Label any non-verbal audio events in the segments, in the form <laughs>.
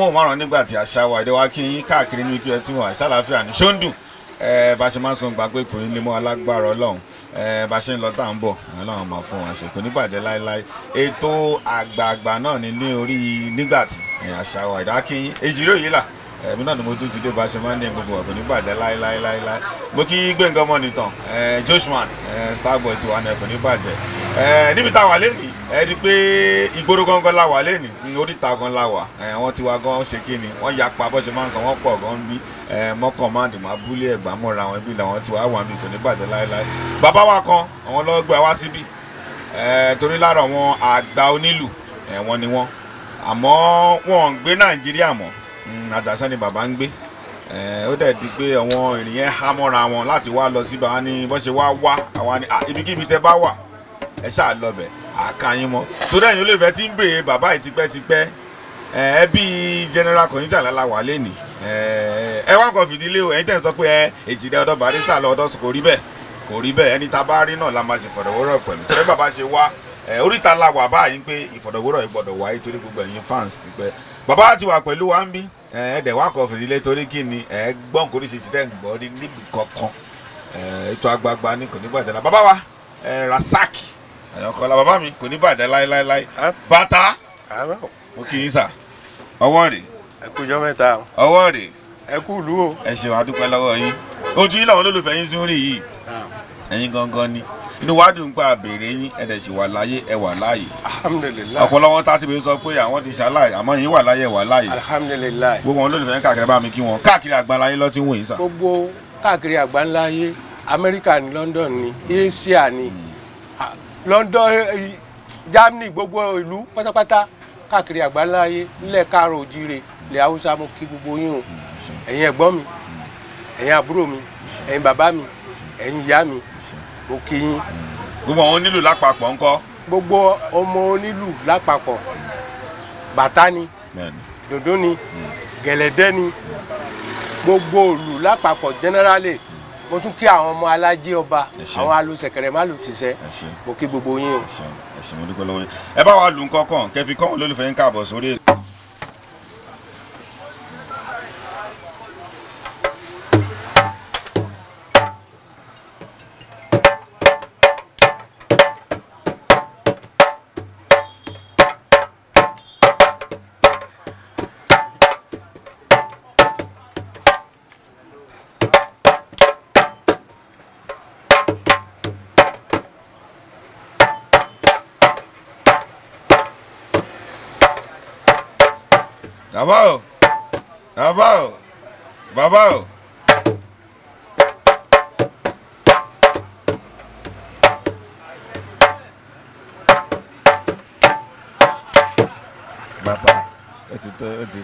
amóhùnmáwòrán nígbà tí àṣà wa èdè kí yín káàkiri ní ipa tí wọn àṣà àlàáfíà ní ṣóńdùn bá gbàgbé kò ní lè mọ́ alágbára ọlọ́run bá ṣe ń bọ̀ ọlọ́run máa fún wa ṣe kò láéláé ètò àgbààgbà náà ní ní orí nígbà àṣà wa èdè kí yín èjì yìí là ẹ̀mí náà ni mo tún ti dé bá máa ń ní gbogbo ọ̀gbìn ní bàjẹ́ láéláéláé mo kí gbẹ̀ngàn mọ́ nìtàn Joshua Starboy tiwa náà kò ní bàjẹ́ níbi táwa lé nìyí ẹ di pé ìgboro gangan la wà lẹ́nu oríta gan la wà wọ́n ti wá gan ṣe kí ni wọ́n yapa bó ṣe máa ń san wọ́n pọ̀ gan bí mọ́kànmáàdì máa búlé ẹ̀gbá mọ́ra wọn bí làwọn ti wá wà mí kò ní bàjẹ́ láéláé bàbá wa kan àwọn lọ́gbà wá síbí torí lára àwọn àgbà onílù wọ́n ni wọ́n àmọ́ wọn ń gbé nàìjíríà mọ́ hmm, àjàṣe ni bàbá ń gbé ó dẹ̀ di pé àwọn ènìyàn há mọ́ra wọn láti wá lọ síbà wọn ni bó wá wá àwọn ibikíbi tẹ bá wà ẹ ṣáà lọ bẹ̀ẹ́ àkàyìn mọ́ torí ẹ̀yin olóòfẹ́ ti ń béèrè bàbá yìí tipẹ́tipẹ́ ẹ bí general kọ̀yìntà lára wà lẹ́nìí ẹ wá kàn fìdílé o ẹ̀yin tẹ̀ sọ pé ẹ èjìdẹ́ ọ̀dọ́ barista lọ ọ̀dọ́ kò rí bẹ́ẹ̀ kò rí bẹ́ẹ̀ ẹni tá a bá rí náà la máa ṣe fọ̀rọ̀wérọ̀ pẹ̀lú torí bàbá ṣe wá oríta la wà báyìí pé ìfọ̀rọ̀wérọ̀ yìí gbọ́dọ̀ wáyé torí gbogbo ẹ̀yin fans ti pẹ́ bàbá ti wà pẹ̀lú wa ń bí ẹ̀ẹ́dẹ̀ wá kàn fìdílé torí kí ni ẹ̀ gbọ́n kò ní ṣe ti tẹ́ ń gbọ́ níbi kankan ètò àgbààgbà ni kò ní gbàjẹ́ bàbá wa Rasaki àyànkọ́lá bàbá mi kò ní bàjẹ́ láéláéláé bàtà mo kì í sà ọwọ́ rè. ẹ kú ọjọ́ mẹ́ta o. ọwọ́ rè. ẹ kú ìlú o. ẹ ṣeun adúpẹ́ lọ́wọ́ yín ojú yín làwọn olólùfẹ́ yín tún rí yìí ẹ̀yin gangan ni inú wa dùn pé àbèrè yín ẹ̀dẹ̀ sì wà láyé ẹ wà láàyè. alhamdulilayi. ọ̀pọ̀lọpọ̀ tá a ti bẹ̀rẹ̀ sọ pé àwọn ti ṣaláì àmọ́ yín wà láyé ẹ wà láàyè. alhamdulilayi. gbogbo àwọn olólùfẹ́ yín káàkiri bá mi kí wọn káàkiri àgbáńlá lọ́tí wọ̀nyí sà. gbogbo káàkiri àgbáńlá amẹ́ríkà ní london ní asia ní. Mm London eh, Germany gbogbo ìlú pátápátá káàkiri àgbáláyé nílẹ̀ káàrọ̀ òjire ilẹ̀ haúsá mo kí gbogbo yín o ẹ̀yin ẹ̀gbọ́n mi ẹ̀yin àbúrò mi ẹ̀yin bàbá mi ẹ̀yin ìyá mi mo kí yín. gbogbo àwọn onílù lápapọ̀ ńkọ́. gbogbo ọmọ onílù lápapọ̀ bàtá ni dòdò ni gẹ̀lẹ́dẹ́ ni gbogbo òlù lápapọ̀ generally mo tún kí àwọn ọmọ alájẹ ọba àwọn alùsẹ̀kẹ̀rẹ̀ má lù tìṣẹ́ mo kí gbogbo yín o. ẹ bá wa lù ń kọ́kàn kẹfì kọ́hún lólùfẹ́ ń káàbọ̀ sórí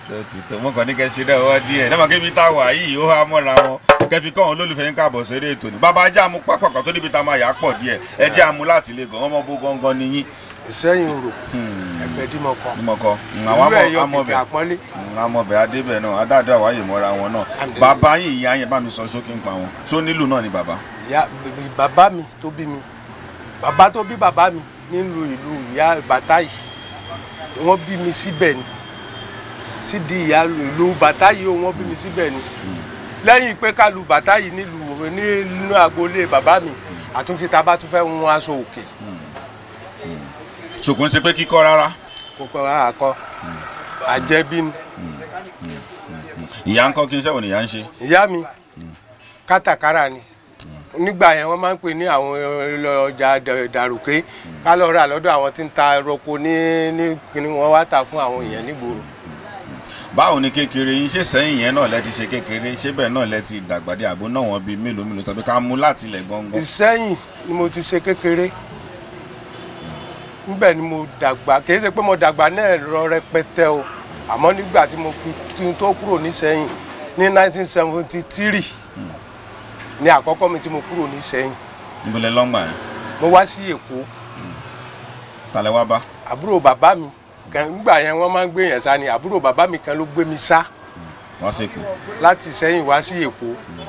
tó ti tó mọ́kàn ní kẹ́sì rẹ̀ wọ́n díẹ̀ dábàá kébi tá a wà yìí ó há mọ́ra wọn kẹfì kọ́ àwọn olólùfẹ́ yín káàbọ̀ sórí ètò ni bàbá ajá mu pápákọ̀ tó níbi tá a máa yà á pọ̀ díẹ̀ ẹ jẹ́ àmú láti lè gàn ọmọ bó gangan ni yín. ìsẹ́yìn rò hmm. ẹgbẹ́ dímọ̀kọ dímọ̀kọ hmm, àwọn amọ̀bẹ̀ amọ̀bẹ̀ hmm, adébẹ̀ náà adájọ́ àwáyè mọ́ra wọn náà bàbá yìí ìyá yẹn bá mi sọ ṣókí ń pa wọn só nílù náà ni bàbá. bàbá mi tó bí mi bàbá tó bí bàbá mi nílùú ìlú ìyá bàtà yìí wọ́n bí mi síbẹ̀ ni sídìí ìyá ìlú bàtá yìí wọ́n bí mi síbẹ̀ ni lẹ́yìn pé ká lu bàtá yìí nílùú nínú agboolé bàbá mi àtúnfi tá a bá tún fẹ́ hun aṣọ òkè. ṣùgbọ́n ṣe pé kíkọ́ rárá. kò kọ́ àkọ́ àjẹbí ni. ìyá ń kọ́ kí n ṣẹ́wọ̀n ni ìyá ń ṣe. ìyá mi kátàkárà ni nígbà yẹn wọ́n máa ń pè ní àwọn ọjà dàrúkẹ́ ká lọ rà lọ́dọ̀ àwọn tí ń ta ẹranko ní kíni wọ́n wá tà fún àwọn èèyàn nígboro báwo ni kékeré yín ṣé sẹ́yìn yẹn náà lẹ ti ṣe kékeré ṣé bẹ́ẹ̀ náà lẹ ti dàgbàdì àbó náà wọn bíi mélòó mélòó tàbí ká mú láti ilẹ̀ gangan. ìsẹ́yìn ni mo ti ṣe kékeré níbẹ̀ ni mo dàgbà kìí ṣe pé mo dàgbà náà rọ rẹpẹtẹ o àmọ́ nígbà tí mo fi tún tó kúrò nísẹ́yìn ní 1973 ni àkọ́kọ́ mi tí mo kúrò nísẹ́yìn. níbo lẹ yẹn. mo wá sí èkó. Hmm. ta lẹ wá bá. àbúrò bàbá mi gbàngbà yẹn wọ́n máa ń gbé yẹn sá ni àbúrò bàbá mi kan ló gbé mi sá. Mm, wọ́n sì kú. láti sẹ́yìn wá sí èkó. Mm, mm.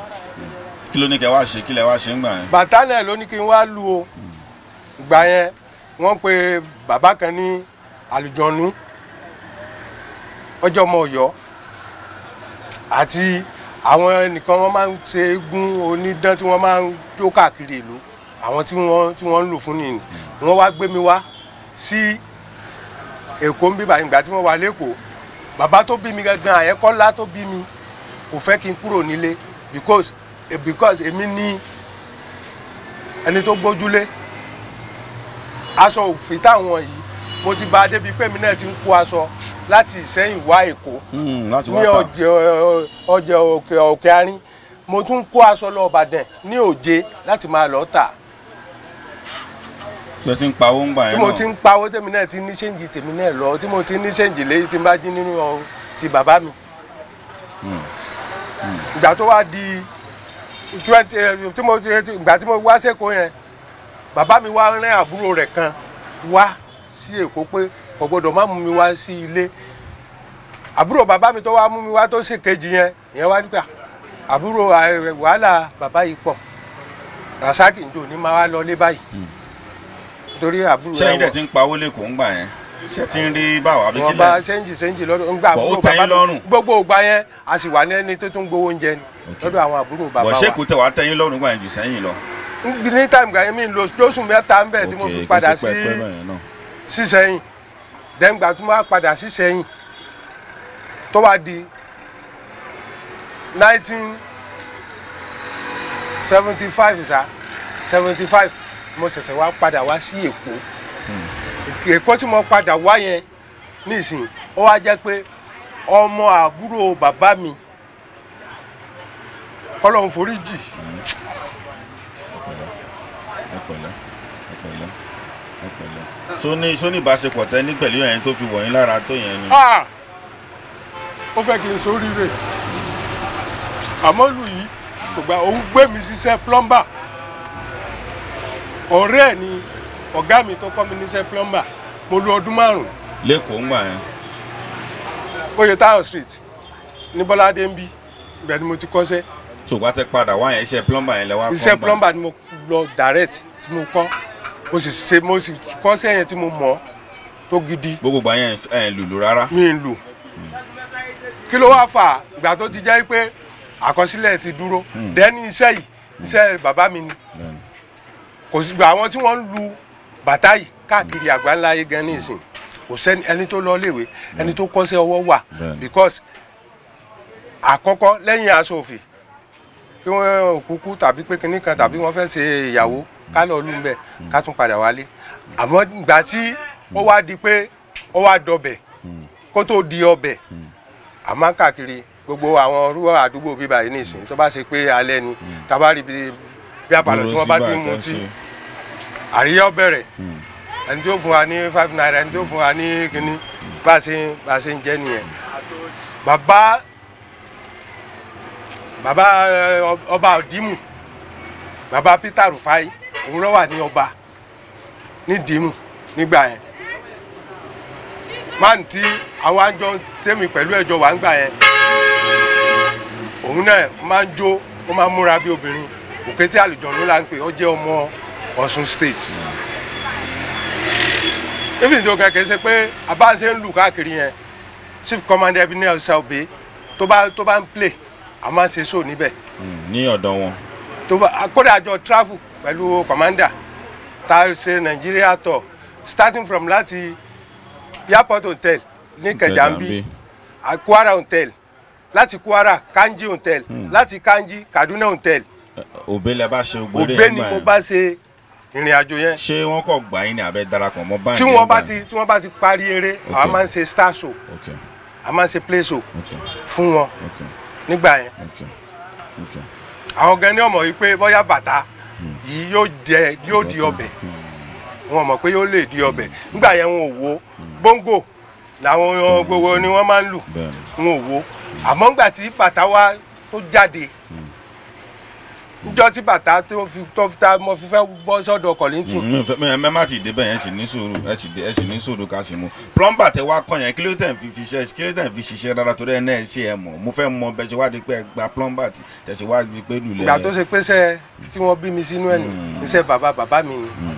kí ló ní kẹ́ wá ṣe kí lẹ wá ṣe ń gbà yẹn. bàtà náà ló ní kí n wá lu o gbà yẹn wọ́n pe bàbá kan ní àlùjọ̀nú ọjọ́ ọmọ ọ̀yọ́ àti àwọn nìkan wọ́n máa ń ṣe eégún onídán tí wọ́n máa ń jó káàkiri ìlú àwọn tí wọ́n ń lò fún nìyí wọ́n wá gbé mi wá sí èkó ń bíbà ìgbà tí wọ́n wà lẹ́kọ̀ọ́ bàbá tó bí mi gangan àyẹ́kọ́lá tó bí mi kò fẹ́ kí n kúrò nílé because because èmi ní ẹni tó gbójúlé aṣọ òfin táwọn yìí mo ti bá a débi pé mi náà ti ń kó aṣọ láti ìsẹ́yìn wá èkó hmm, ní ọjà òkè àárín mo tún kó aṣọ lọ Ìbàdàn ní òjé láti máa lọ tà ṣe ti ń pawó ń gbà yẹn náà tí mo ti ń pawó tèmi náà ti ní ṣéǹjì tèmi náà lọ tí mo ti ní ṣéǹjì léyìí tí n bá jí nínú ti bàbá mi. Hmm. Hmm. ìgbà tó wá di twenty eh, tí mo ti ìgbà tí mo wá sẹ́kọ̀ọ́ yẹn bàbá mi wá rán àbúrò rẹ̀ kan wá sí èkó pé kò gbọdọ̀ má mú mi wá sí ilé àbúrò bàbá mi tó wá mú mi wá tó sì kejì yẹn ìyẹn wá nígbà àbúrò eh, wàhálà bàbá yìí pọ̀ rasaki njó ni máa wá lọ lé báyìí. Hmm torí àbúrò rẹ wọ. sẹ́yìn dẹ̀ ti ń pawó lẹ́kọ̀ọ́ ńgbà yẹn ṣe ti ń rí báwa bí kílẹ̀. wọ́n bá sẹ́ńjì sẹ́ńjì lọ́dún ńgbà àbúrò bàbá mi gbogbo ògbà yẹn a sì wà ní ẹni tó tún gbowó oúnjẹ ni lọ́dọ̀ àwọn àbúrò bàbá wa. bọ̀ṣẹ́kù tẹ̀ wá tẹ́yìn lọ́rùn gbà yẹn jù sẹ́yìn lọ. ní táìmù gàyẹn mi lóṣù mẹ́ta ń bẹ̀ tí mo fi padà sí sísẹ́yìn dẹ́ngbà tó máa padà sí sẹ́yìn tó wá di nineteen seventy five sa seventy five mo ṣẹ̀ṣẹ̀ wá padà wá sí èkó èkó tí mo padà wá yẹn nísìn ó wá jẹ́ pé ọmọ àbúrò bàbá mi kọ́lọ́hún foríjì. ọ̀pẹ̀lẹ̀ ọ̀pẹ̀lẹ̀ ọ̀pẹ̀lẹ̀ sóní sóní ìbáṣepọ̀ tẹ́ ní pẹ̀lú ẹ̀yìn tó fi wọ̀nyí lára tó yẹn ni. Ah! ó fẹ́ kí n soríire àmọ́ lù yìí kò gba òun gbé mi ṣiṣẹ́ plumber ọ̀rẹ́ ẹ̀ ni ọ̀gá mi tó kọ́ mi níṣẹ́ plumber mo lu ọdún márùn-ún. lẹ́kọ̀ọ́ ń gbà yẹn. oyetayo street ní bọ́ládé ń bí ibẹ̀ ni mo ti kọ́ṣẹ́. ṣùgbọ́n tẹ padà wá yẹn iṣẹ́ plumber yẹn lẹ wá kọ́ iṣẹ́ plumber ni mo lọ direct tí mo kọ́ mo sì ṣe mo sì kọ́ṣẹ́ yẹn tí mo mọ̀ tó gidi. gbogbo gbà yẹn ẹ̀ lùlù rárá. mi ń lù kí ló wá fà ìgbà tó ti jẹ́ pé àkọsílẹ̀ ti dúró dẹ́ni hmm. iṣẹ́ yìí iṣẹ́ bàbá mi ni kò sì gba àwọn tí wọ́n ń lu bàtà yìí káàkiri àgbáńlá ayé gan nísìn kò sẹ́ni ẹni tó lọ léwe ẹni tó kọ́ṣẹ́ ọwọ́ wà because àkọ́kọ́ lẹ́yìn asòfin kí wọ́n òkúkú tàbí pé kinní kan tàbí wọ́n fẹ́ ṣe ìyàwó ká lọ lù ń bẹ̀ ká tún padà wálé àmọ́ ìgbà tí ó wá di pé ó wá dọbẹ̀ kó tó di ọbẹ̀ àmọ́ káàkiri gbogbo àwọn àdúgbò bíbá yìí nìsín tó bá ṣe pé alẹ́ ni hmm. tá a bíi bí apàlọ́ tí wọ́n bá ti ń mutí àríyá ó bẹ̀rẹ̀ hmm. ẹni tó fún wa ní five naira ẹni tó fún wa ní kínní bá a ṣe bá a ṣe ń jẹ́ nìyẹn bàbá bàbá eh, ọba ọ̀dìmù bàbá Peter Rufai òun ló wà ní ọba ní dìímù nígbà yẹn máa ń tí àwọn àjọ tèmi pẹ̀lú ẹ̀jọ̀ wà ń gbà yẹn òun náà máa ń jó ó máa ń múra bí obìnrin òkété àlùjọ̀nú la ń pè ó jẹ́ ọmọ Ọ̀ṣun state even tó kẹ̀kẹ́ ṣe pé abáṣe ń lù káàkiri yẹn chief commander Ebenezer Obey tó bá tó bá ń play a máa ṣe show níbẹ̀. Hmm, ní ọ̀dọ̀ wọn. tó bá kódà àjọ travel pẹ̀lú commander tá a ṣe Nigeria tour starting from láti airport hotel ní kẹjàmbí Kwara hotel láti Kwara Kanji hotel hmm. láti Kanji Kaduna hotel. Mm òbí lẹ bá ṣe ògbére yẹn gbà yẹn òbí ni mo bá ṣe ìrìn àjò yẹn. ṣé wọn kò gbà yín ní abẹ darapọ̀ mọ́ báyìí. tí wọn bá ti tí wọn bá ti parí eré àwa máa ń ṣe star show a máa ń ṣe play show fún wọn nígbà yẹn àwọn gan ni ọmọ yìí pé bóyá bàtà hmm. yìí yóò jẹ yóò di ọbẹ̀ hmm. wọn mọ̀ pé yóò lè di ọbẹ̀ hmm. nígbà yẹn wọn ò wo bóńgò làwọn gbogbo ni wọn máa ń lù wọn ò wo àmọ́ nígbà tí bàtà wa tó jáde. Mm njọ tí bàtà tó fi tó fi ta mo fi fẹ́ bọ́ sọ́dọ̀ kọ̀lẹ́ntì. mẹ má ti dé bẹ́ẹ̀ yẹn sì ní sùúrù ẹ sì ẹ sì ní sùúrù ká sì mú plumber tẹ wá kàn kí ló tẹ̀ fi fi ṣe kí ló tẹ̀ fi ṣiṣẹ́ rárá torí ẹ náà ṣe ẹ mọ̀ mo fẹ́ mọ bẹ́ẹ̀ ṣe wá di pé ẹ gba plumber tí tẹ̀ ṣe wá di pé lulẹ̀. ìgbà tó ṣe pé iṣẹ́ tí wọ́n bí mi sínú ẹ̀ nù hmm. iṣẹ́ bàbá bàbá mi ni hmm.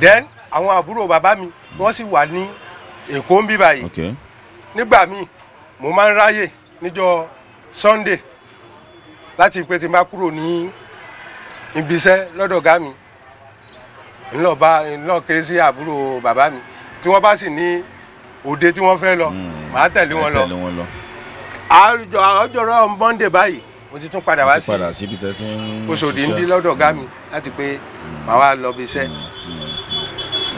then àwọn àbúrò bàbá mi wọ́n sì wà ní Èkó ń bí báyìí nígbà míì mo máa ń ráyè níjọ́ Sunday láti pé tí n bá kúrò ní ibi iṣẹ́ lọ́dọ̀ ọ̀gá mi ńlọ bá ńlọ ké sí àbúrò bàbá mi tí wọ́n bá sì ní òde tí wọ́n fẹ́ lọ hmm, màá tẹ̀lé wọn lọ àjọ àjọrọ Monday báyìí mo ti tún padà wá sí Òṣòdì ń bí lọ́dọ̀ ọ̀gá mi hmm. láti pé màá wá lọ bí iṣẹ́.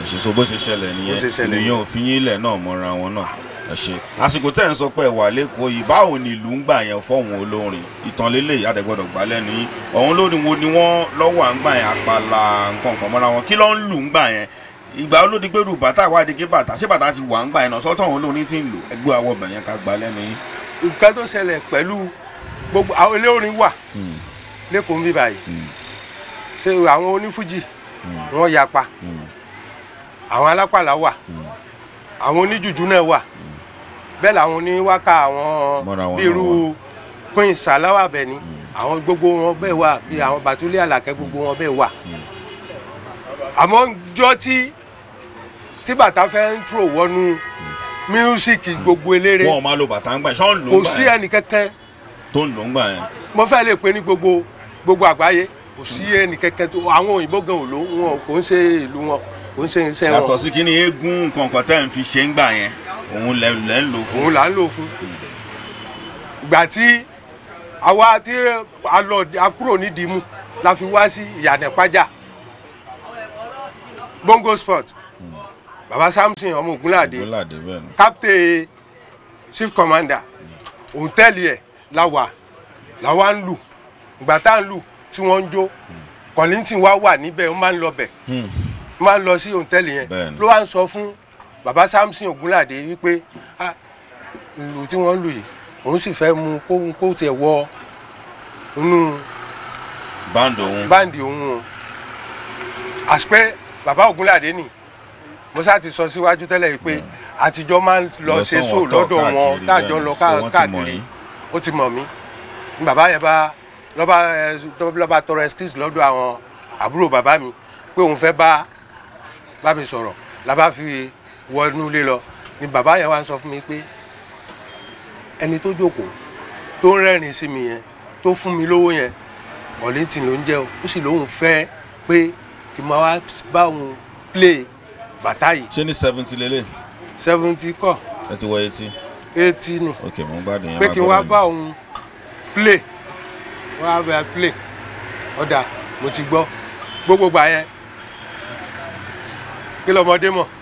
ìṣèṣọ hmm, bó ṣe ṣẹlẹ̀ nìyẹn ènìyàn òfin yín ilẹ̀ náà mọ́ra wọn náà ẹ ṣe àsìkò tẹ́ ń sọ pé wà lẹ́kọ̀ọ́ yìí báwo ni ìlú ń gbà yẹn fọ́hùn olórin ìtànlélẹ̀ àdẹ́gbọ́dọ̀ gbà lẹ́nu yìí ọ̀hún ló wo ni wọ́n lọ́wọ́ à ń gbà yẹn àpàlà nǹkan kan mọ́ra wọn kí ló ń lù ń gbà yẹn ìgbà olódi gbèrú bàtà wà dé ké bàtà ṣé bàtà ti wà ń gbà yẹn náà sọ́tọ̀ ọ̀hún lóní ti ń lò ẹgbẹ́ àwọ̀ bẹ̀ yẹn ká gbà lẹ́nu yìí. nǹkan tó ṣẹlẹ̀ pẹ̀lú gbogbo àwọn olórin wà hmm. lẹ́kọ̀ọ́ hmm. àwọn onífújì hmm. náà wà bẹ́ẹ̀ làwọn oníwákà àwọn bíi irú queen salawa bẹ́ẹ̀ ni hmm. àwọn gbogbo wọn bẹ́ẹ̀ wà bí hmm. àwọn Bàtúlé Àlàkẹ́ gbogbo wọn bẹ́ẹ̀ wà hmm. àmọ́ jọ́ tí tí bàtà fẹ́ ń trò wọnú mísíkì gbogbo eléré wọn ò máa lo bàtà ń gbà ṣọ́ ń lò ń gbà yẹn kò sí ẹnì kankan tó ń lò ń gbà yẹn mo fẹ́ lè pe ní gbogbo gbogbo àgbáyé kò sí ẹnì tó àwọn òyìnbó gan ò ló wọn kò ń ṣe ìlú wọn kò ń ṣe iṣẹ́ wọn. yàtọ̀ sí kí ni eégún kọ̀ọ̀kan tẹ́ ń fi ṣe ń gbà yẹn òun lẹ lẹ ń lò fún. òun là ń lò fún. ìgbà tí àwa tí a lọ a kúrò nídìí mú la fi wá sí ìyànà pàjá bongo sport baba samson ọmọ ogunlade captain chief commander òǹtẹ̀lì ẹ̀ la wà la wà ń lù ìgbà tá à ń lù tí wọ́n ń jó kọ̀lìntì wa wà níbẹ̀ ó máa ń lọ bẹ̀ hmm. ó máa ń lọ sí òǹtẹ̀lì yẹn ló wá ń sọ fún baba Samson Ogunlade wípé ìlú tí wọ́n ń lù yìí òun sì fẹ́ mu kóhun kó tiẹ̀ wọ inú báńdì òun báńdì òun o àsìpẹ́ baba Ogunlade ni musa ti sọ síwájú tẹ́lẹ̀ yìí pé hmm. àtijọ́ máa ń lọ ṣe sóò lọ́dọ̀ wọn táàjọ ń lọ káàkiri ó ti mọ̀ mí ni baba yẹn bá lọ́ba lọ́ba tọrọ excuse lọ́dọ̀ àwọn àbúrò bàbá mi pé òun fẹ́ bá bá mi sọ̀rọ̀ la bá fi wọ inú lọ ni bàbá yẹn wá ń sọ fún mi pé ẹni tó jókòó tó ń rẹ́rìn sí mi yẹn tó fún mi lówó yẹn Wellington ló ń jẹ́ ó sì lóun fẹ́ pé kí n máa wá bá òun play bàtà yìí. ṣé ní seventy lélẹ̀. seventy kọ. ẹ ti wọ eighty. eighty ni. ok mo ń gbádùn yẹn máa gbọ́dọ̀ pé kí n wá bá òun play wá bá play ọ̀dà mo ti gbọ́ gbogbo yẹn kí lọ́mọdé mọ̀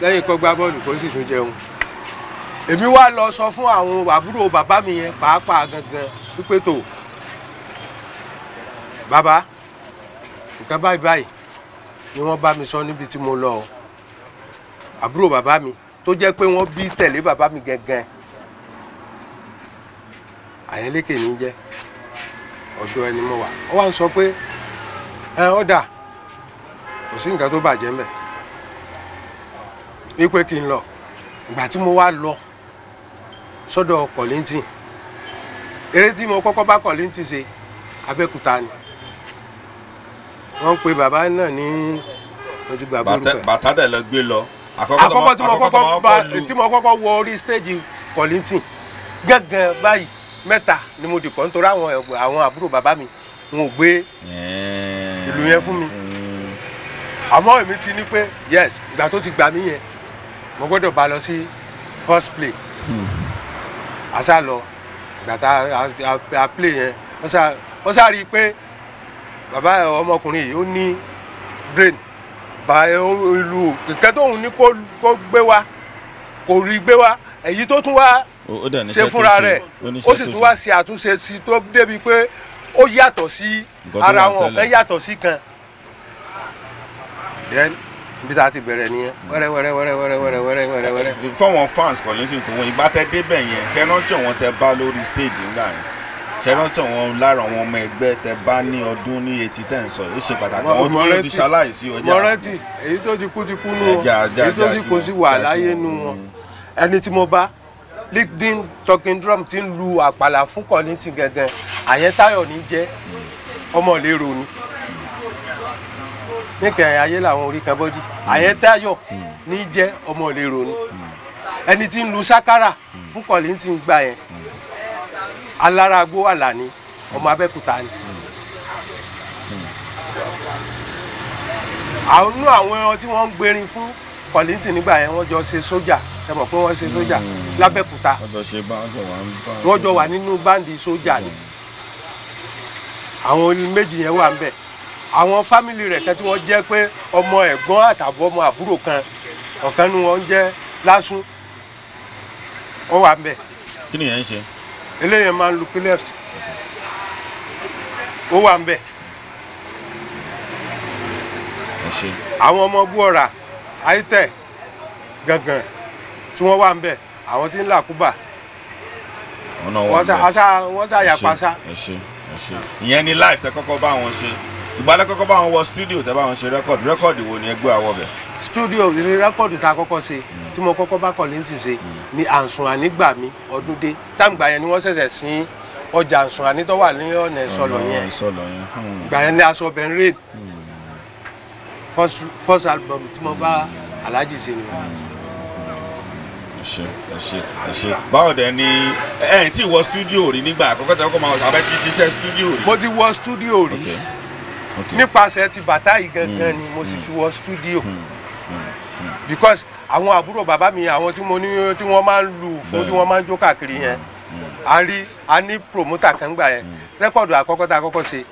lẹ́yìn kó gbá bọ́ọ̀lù kó sì tún jẹun èmi wá lọ sọ fún àwọn àbúrò bàbá mi yẹn pàápàá gangan wípé tó bàbá nǹkan báyìí báyìí ni wọ́n bá mi sọ níbi tí mo lọ àbúrò bàbá mi tó jẹ́ pé wọ́n bí tẹ̀lé bàbá mi gangan àyẹ́lékè ní jẹ́ ọ̀dọ̀ ẹni mo wà ó wá ń sọ pé ẹ ọ̀dà kò sí nǹkan tó bàjẹ́ mẹ́ẹ̀ wípé kí n lọ ìgbà tí mo wá lọ sọ́dọ̀ Kollington eré tí mo kọ́kọ́ bá Kollington ṣe Abẹ́òkúta ni wọ́n pe bàbá náà ní mo ti gbàgbé orúkọ ẹ̀. bàtà dẹ̀ lọ gbé lọ. àkọ́kọ́ tí mo kọ́kọ́ bá tí mo kọ́kọ́ wọ orí stéèjì Kollington gángan báyìí mẹ́ta ni mo dìpọ̀ nítorí àwọn àwọn àbúrò bàbá mi wọn ò gbé ìlú yẹn fún mi àmọ́ èmi ti ní pé yes ìgbà tó ti gbà mí yẹn mo gbọ́dọ̀ bá lọ sí first play àṣà hmm. lọ gbàtà à play yẹn wọ́n sá rí i pé bàbá ọmọkùnrin yìí ó ní brain bá ìlú kẹ̀kẹ́ tóun ní kó gbé wá kò rí gbé wá èyí tó tún wá ṣe fúnra rẹ̀ ó sì tún wá ṣe àtúnṣe sí tó débi pé ó yàtọ̀ sí ara wọn ọ̀kan yàtọ̀ sí kan ibi tá ti bẹ̀rẹ̀ nìyẹn wẹ́rẹ́ wẹ́rẹ́ wẹ́rẹ́ wẹ́rẹ́ wẹ́rẹ́ wẹ́rẹ́ wẹ́rẹ́ wẹ́rẹ́. fọwọn fans kọlẹsìn tó wọn ìgbà tẹ débẹ̀ yẹn ṣẹrántí wọn tẹ bá lórí stage ńlá yẹn ṣẹrántí wọn lára àwọn ọmọ ẹgbẹ́ tẹ bá ní ọdún ní etí tẹ ń sọ yìí ṣe pàtàkì àwọn tó yóò ti ṣaláìsí ọjà. mọ̀rẹ́tì èyí tó ti kú ti kú nù èyí tó ti kú sí wà láyé nù wọn ẹni tí mo bá LinkedIn talking drum ti ń lu àpàlà fún kọ́ni ti gẹ́gẹ́ àyẹ́táyọ̀ ní jẹ́ ọmọ ìlérò ni níkẹ ayé làwọn orí kan bọ́dí àyẹ́tayọ̀ ní jẹ́ ọmọ ìlérò ni ẹni tí ń lu sákárà fún kọ̀lí ti ń gba yẹn alárágbó àlàní ọmọ abẹ́kúta ni. àwọn inú àwọn ẹran tí wọ́n ń gbèrin fún kọ̀lìntì nígbà yẹn wọ́n jọ ṣe sójà ṣe mọ̀ pé wọ́n ṣe sójà hmm. lábẹ́kúta wọ́n jọ wà nínú báńdì sójà ni hmm. àwọn méjì yẹn wà ń bẹ̀ àwọn fámìlì rẹ̀ kan tí wọ́n jẹ́ pé ọmọ ẹ̀gbọ́n àtàbọ̀ ọmọ àbúrò kan ọ̀kan nu wọn jẹ́ lásùn ó wà ń bẹ̀. kí ni yẹn ń ṣe. eléyẹn máa ń lu pilefs ó wà ń bẹ̀. àwọn ọmọ búọ̀rà àìtẹ̀ gangan tí wọ́n wà ń bẹ̀ àwọn tí ń là kúbà wọ́n ṣàyàpá ṣá. ìyẹn ni life tẹ kọ́kọ́ bá wọn ṣe ìgbàlẹ̀ kọ́kọ́ bá wọn wọ studio tẹ́ bá wọn ṣe rẹ́kọ̀dì rẹ́kọ̀dì wo ni ẹ gbé àwọ̀ bẹ̀. studio ni rẹ́kọ̀dì tá a kọ́kọ́ ṣe mm. tí mo kọ́kọ́ bá Kollington ṣe mm. ni àǹsùn ànígbà mi ọdún dé táǹgbà yẹn ni wọ́n ṣẹ̀ṣẹ̀ sin ọjà àǹsùn ànítọ́ wà ní ọ̀nà ìsọlọ̀ yẹn hmm. ìgbà yẹn ni aṣọ Ben Rain hmm. first album tí mo bá Alhaji ṣe ni hmm. ẹ ṣé ẹ ṣé ẹ ṣé báwo dẹ ni ẹ ẹ ti wọ studio rí nígbà àkọ́kọ́ tẹ ọkọ máa wọ abẹ ti ṣiṣẹ́ studio rí. mo ti wọ studio rí nípasẹ̀ ti bàtà yìí gangan hmm. ni mo sì hmm. fi wọ studio hmm. because àwọn àbúrò bàbá mi àwọn tí mo ní tí wọ́n máa ń lu fún tí wọ́n máa ń jó káàkiri yẹn a rí a ní promoter kan gbà yẹn rẹ́kọ̀dù àkọ́kọ́ tá a kọ́kọ́ ṣe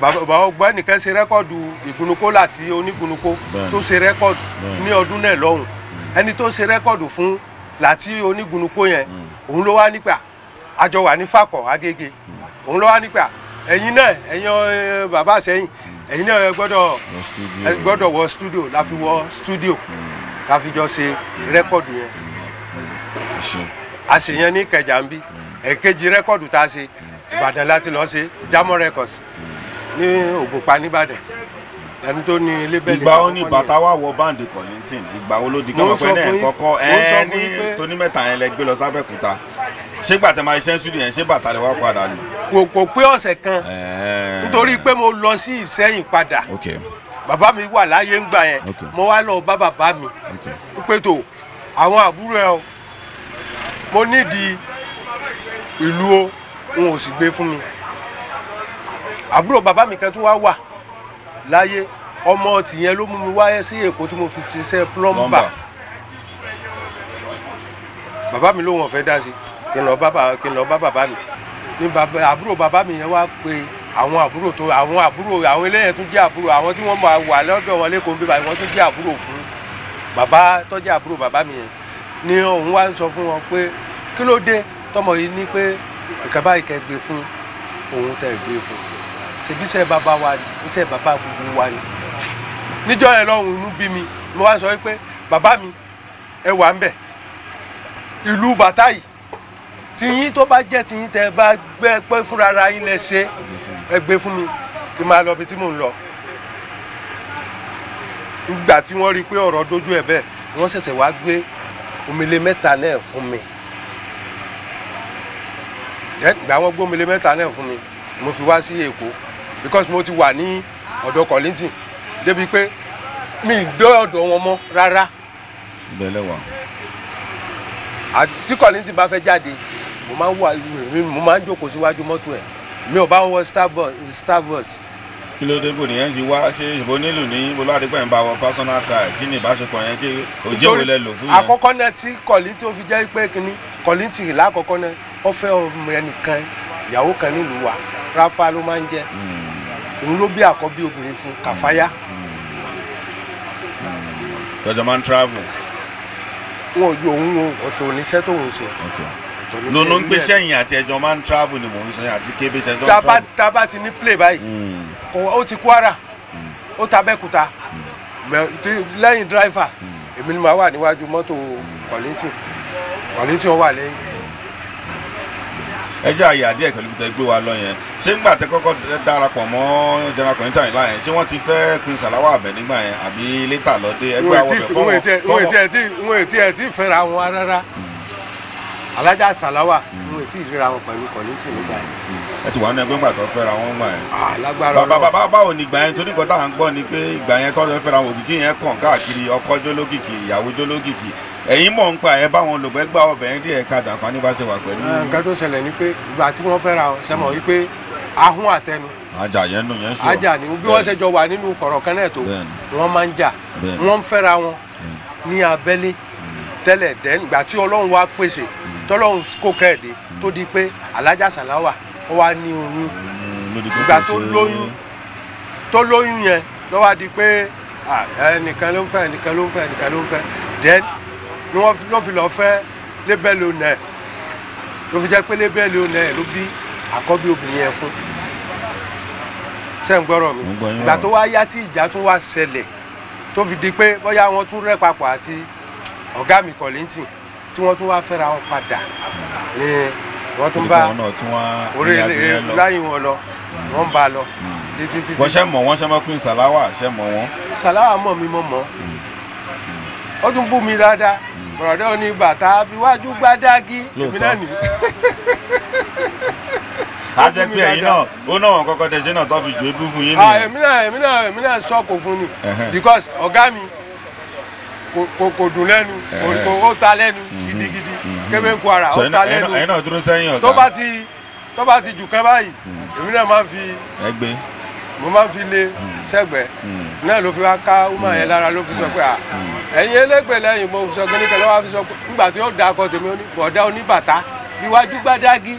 bàbá ọgbọ́n nìkan ṣe rẹ́kọ̀dù ìgúnnukó láti onígúnnukó tó ṣe rẹ́kọ̀dù ní ọdún náà lọ́hùn ẹni tó ṣe rẹ́kọ̀dù fún láti onígúnnukó yẹn òun ló wá nípa àjọ wà ní fàkọ̀ agége òun ló wá nípa ẹ̀yin náà ẹ̀yin eh, bàbá sẹ́yìn ẹ̀yin náà gbọ́dọ̀ gbọ́dọ̀ wọ studio la fi wọ studio hmm. la fi jọ ṣe rẹ́kọ̀dù yẹn a sì yẹn ní kẹjà ń bí èkejì hmm. rẹ́kọ̀dù tá a ṣe hmm. ìbàdàn láti lọ ṣe Jamo Records ní Ògùnpa nìbàdàn ẹni tó ní lébẹ́lì ìgbà wo ni bàtà wà wọ báǹdì Kollington ìgbà wo ló di kọ́mọ́pẹ́ náà kọ́kọ́ ẹni tó ní mẹ́ta yẹn lẹ gbé lọ sábẹ́kúta ṣé gbàtẹ́ máa ṣiṣẹ́ studio yẹn ṣé bàtà lè wá padà lù. kò kò pé ọ̀sẹ̀ kan nítorí pé mo lọ sí Ìṣẹ́yìn padà bàbá mi wà láyé ńgbà yẹn mo wá lọ bá bàbá mi pé àwọn àbúrò ẹ o mo nídìí ìlú o n ò sì gbé fún mi àbúrò bàbá mi kan tún wá wà láyé ọmọ tìyẹn ló mú mi wáyé sí Èkó tí mo fi ṣiṣẹ́ plumber bàbá mi ló wọn fẹ́ dá sí i kí n lọ bá bàbá kí n lọ bá bàbá mi ní bàbá àbúrò bàbá mi yẹn wá pé àwọn àbúrò tó àwọn àbúrò àwọn eléyẹn tún jẹ́ àbúrò àwọn tí wọ́n máa wà lọ́dọ̀ wọn lẹ́kọ̀ọ́ bíbá wọn tún jẹ́ àbúrò fún bàbá tó jẹ́ àbúrò bàbá mi yẹn ni òun wá ń sọ fún wọn pé kí ló dé tọmọ yìí ní pé ìkàbá ìkẹgbẹ fún òun tẹ gbé fún ṣèbí iṣẹ́ bàbá wa ni iṣẹ́ bàbá gbogbo wa ni níjọ́ yẹn lọ́hùn inú bí mi mo wá sọ pé bàbá mi ẹ wà ń bẹ̀ ìlú bàtá yìí tìyín tó bá jẹ́ tìyín tẹ́ bá gbẹ́ pẹ́ fúnra ara yín lẹ ṣe ẹ gbé fún mi kí n máa lọ bí tí mò ń lọ. nígbà tí wọ́n rí i pé ọ̀rọ̀ dojú ẹ̀ bẹ́ẹ̀ wọ́n ṣẹ̀ṣẹ̀ wá gbé omele mẹ́ta náà fún mi. ìgbà wọn gbé omele mẹ́ta náà fún mi mo fi wá sí Èkó because mo ti wà ní ọ̀dọ̀ Kollington débi pé mi ì dọ́ ọ̀dọ̀ wọn mọ́ rárá. ìbẹ̀lẹ̀ wà tí Kollington bá fẹ́ jáde mo máa ń wà mo máa ń jókòó síwájú mọ́tò ẹ̀ mi ò bá ń wọ starbucks. kí ló dé bò nìyẹn ti wá ṣé ìbò nílùú ní bọ́ládégbà ń bá wọ personal car kí ni ìbáṣepọ̀ yẹn kí òjì òwe lẹ lò fún yẹn. àkọ́kọ́ náà tí Kollington fi jẹ́ pé kínní Kollington lákọ̀ọ́kọ́ náà ó fẹ́ ọmọ ẹnìkan ìyàwó kan nílùú wa ráfá ló máa ń jẹ́ hmm. òun ló bí àkọ́bí obìnrin fún kàfáyà. Hmm. Hmm. jọjọ máa ń travel wọn ò ju òun o ọ̀tọ̀ oníṣẹ́ tó ń ṣe. lọ́nà ń gbéṣẹ́ yìí àti ẹjọ́ máa ń travel ni mò ń sọ yẹn àti kébé ṣe tó ń travel. tába ti ní play báyìí hmm. ó ti Kwara hmm. ó ta hmm. lẹ́yìn driver èmi ni màá wà níwájú mọ́tò Kollington Kollington wà lẹ́yìn ẹ jẹ́ àyè àdíẹ̀ pẹ̀lú tẹ gbé wa lọ yẹn ṣé ńgbà tẹ kọ́kọ́ darapọ̀ mọ́ general kọ̀ǹtà yìí láyẹn ṣé wọ́n ti fẹ́ Queen Salawa Abẹ́ nígbà yẹn àbí létà lọ́dẹ ẹgbẹ́ àwọn ọ̀bẹ fọ́wọ́. wọ́n ti ẹ̀ tí fẹ́ra wọn rárá hmm alájà sàláwà mo ti ríra wọn pẹ̀lú kọ̀lẹ́tì nígbà yẹn. ẹ ti wà nínú ẹgbẹ́ ńgbà tó fẹ́ra wọn gbà yẹn. alágbára ah, ọ̀rọ̀ bàbá báwo ni ìgbà yẹn torí nǹkan táwọn ń gbọ́ ni pé ìgbà yẹn tọ́jú fẹ́ra wọn òkìkí yẹn kàn káàkiri ọkọ jólókìkì ìyàwó jólókìkì ẹ̀yin mọ̀ ń pa ẹ̀ báwọn lògbẹ́ gbà ọbẹ̀rin díẹ̀ ka jàǹfààní bá ṣe wà pẹ̀lú. Eh, nǹkan tó ṣẹlẹ̀ ni pé ìgbà tí wọ́n fẹ́ra wọn ṣe mọ̀ wípé ahun àtẹnu. ajá yẹn nù yẹn sọ. ajá ni bí wọ́n ṣe jọ wà nínú kọ̀rọ̀ kan náà tó wọ́n máa ń jà wọ́n ń fẹ́ra wọn ní abẹ́lé hmm. tẹ́lẹ̀ dẹ́n ìgbà tí Ọlọ́run wá pèsè tọ́lọ́run kò kẹ́ẹ̀dé tó di pé alájà sàláwà ó wá ní oyún mm, ìgbà tó lóyún tó lóyún yẹn ló wá di pé ẹnìkan ló ń fẹ́ ẹnìkan ló ń fẹ́ ẹnìkan ló ń fẹ́ then ni wọ́n ló fi lọ́ọ́ fẹ́ lébẹ́lì onẹ ló fi jẹ́ pé lébẹ́lì onẹ ló bí àkọ́bí obìnrin yẹn fún sẹ́ǹgbọ́rọ̀ mi ìgbà tó wá yá tí ìjà tún wá ṣẹlẹ̀ tó fi di pé bóyá wọ́n tún rẹ́ papọ̀ àti ọ̀gá mi Kollington tí wọ́n tún wá fẹ́ra wọn padà ni wọ́n tún bá orí láyé wọn lọ wọ́n bá lọ hmm. títí títí. wọ́n ṣe mọ̀ wọ́n ṣe mọ̀ queen salawa ṣe mọ̀ wọ́n. salawa mọ̀ mi mọ̀ mọ́ hmm. ó tún bú mi dáadáa hmm. bọ̀rọ̀dẹ́ ò ní bàtà iwájú gbádágí èmi náà nì. <laughs> a jẹ́ pé ẹ̀yin náà ó náà wọn kọ́kọ́ tẹ̀sí náà tó fi jù ébú fún yín ah, nìyẹn. èmi náà èmi náà èmi náà sọ́kò fún ni because ọ̀gá mi kò dùn lẹ́nu eh. ó ta lẹ́nu mm-hmm. gidigidi kébé kwara ó ta lẹ́nu tó bá ti tó bá ti jù kẹ́ báyìí mm. èmi náà máa ń fi ẹgbẹ́ mo máa ń fi lé mm. sẹ́gbẹ̀ẹ́ mm. náà ló fi wá ká uma yẹn lára ló fi sọ pé à ẹ̀yin elégbè lẹ́yìn mo sọ pé lọ́wọ́ fi sọ pé nígbà tí ó da akọ tèmi bọ̀dá oníbàtà iwájú gbádágí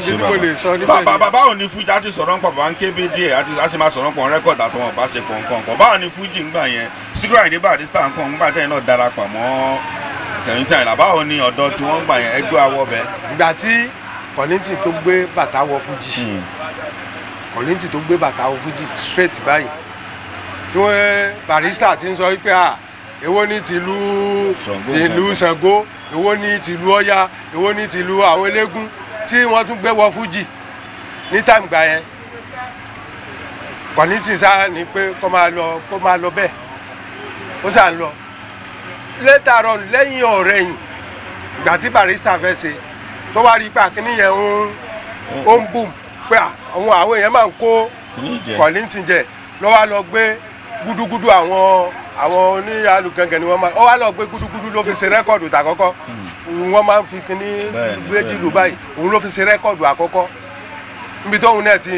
ṣe bàbá báwo ni fújì á sọ̀rọ̀ nǹkan bàbá ń ké bí díẹ̀ á ti máa sọ̀rọ̀ nǹkan rẹ́kọ̀dà tó wọn bá ṣe pọ̀ nǹkan nǹkan báwo ni fújì ńgbà yẹn sígúrà ìdí bá àdìsítà nǹkan ńgbà tẹ́yìn náà darapọ̀ mọ́ kẹ̀yìn tí àyìnlá báwo ni ọ̀dọ́ tí wọ́n gbà yẹn ẹgbẹ́ awọ bẹ́ẹ̀. ìgbà tí kọ́nìtì tó gbé bàtà wọ fújì hmm. kọ́nìtì tó gbé bàtà wọ fújì straight báyìí tí wọ́n tí wọ́n tún gbé wọ fújì ní táìmù gbà yẹn kọ̀nìtì sáà ni pé kó máa lọ kó máa lọ bẹ́ẹ̀ ó sà ń lọ létàrọ lẹ́yìn ọ̀rẹ́ yìí ìgbà tí barista fẹ́ ṣe tó wá rí pé àkíní yẹn ń ó ń bùm pé àwọn àwọn èèyàn máa ń kó kọ̀nìtì jẹ lọ́wọ́ lọ gbé gúdúgúdú àwọn àwọn oní alùkẹ̀kẹ̀ ni wọ́n máa ọ wá lọ gbé gúdúgúdú ló fi ṣe rẹ́kọ̀dù tàkọ́kọ́ hmm. wọ́n máa ń fi kíní méjì lù báyìí òun ló fi ṣe rẹ́kọ̀dù àkọ́kọ́ níbi tóun náà ti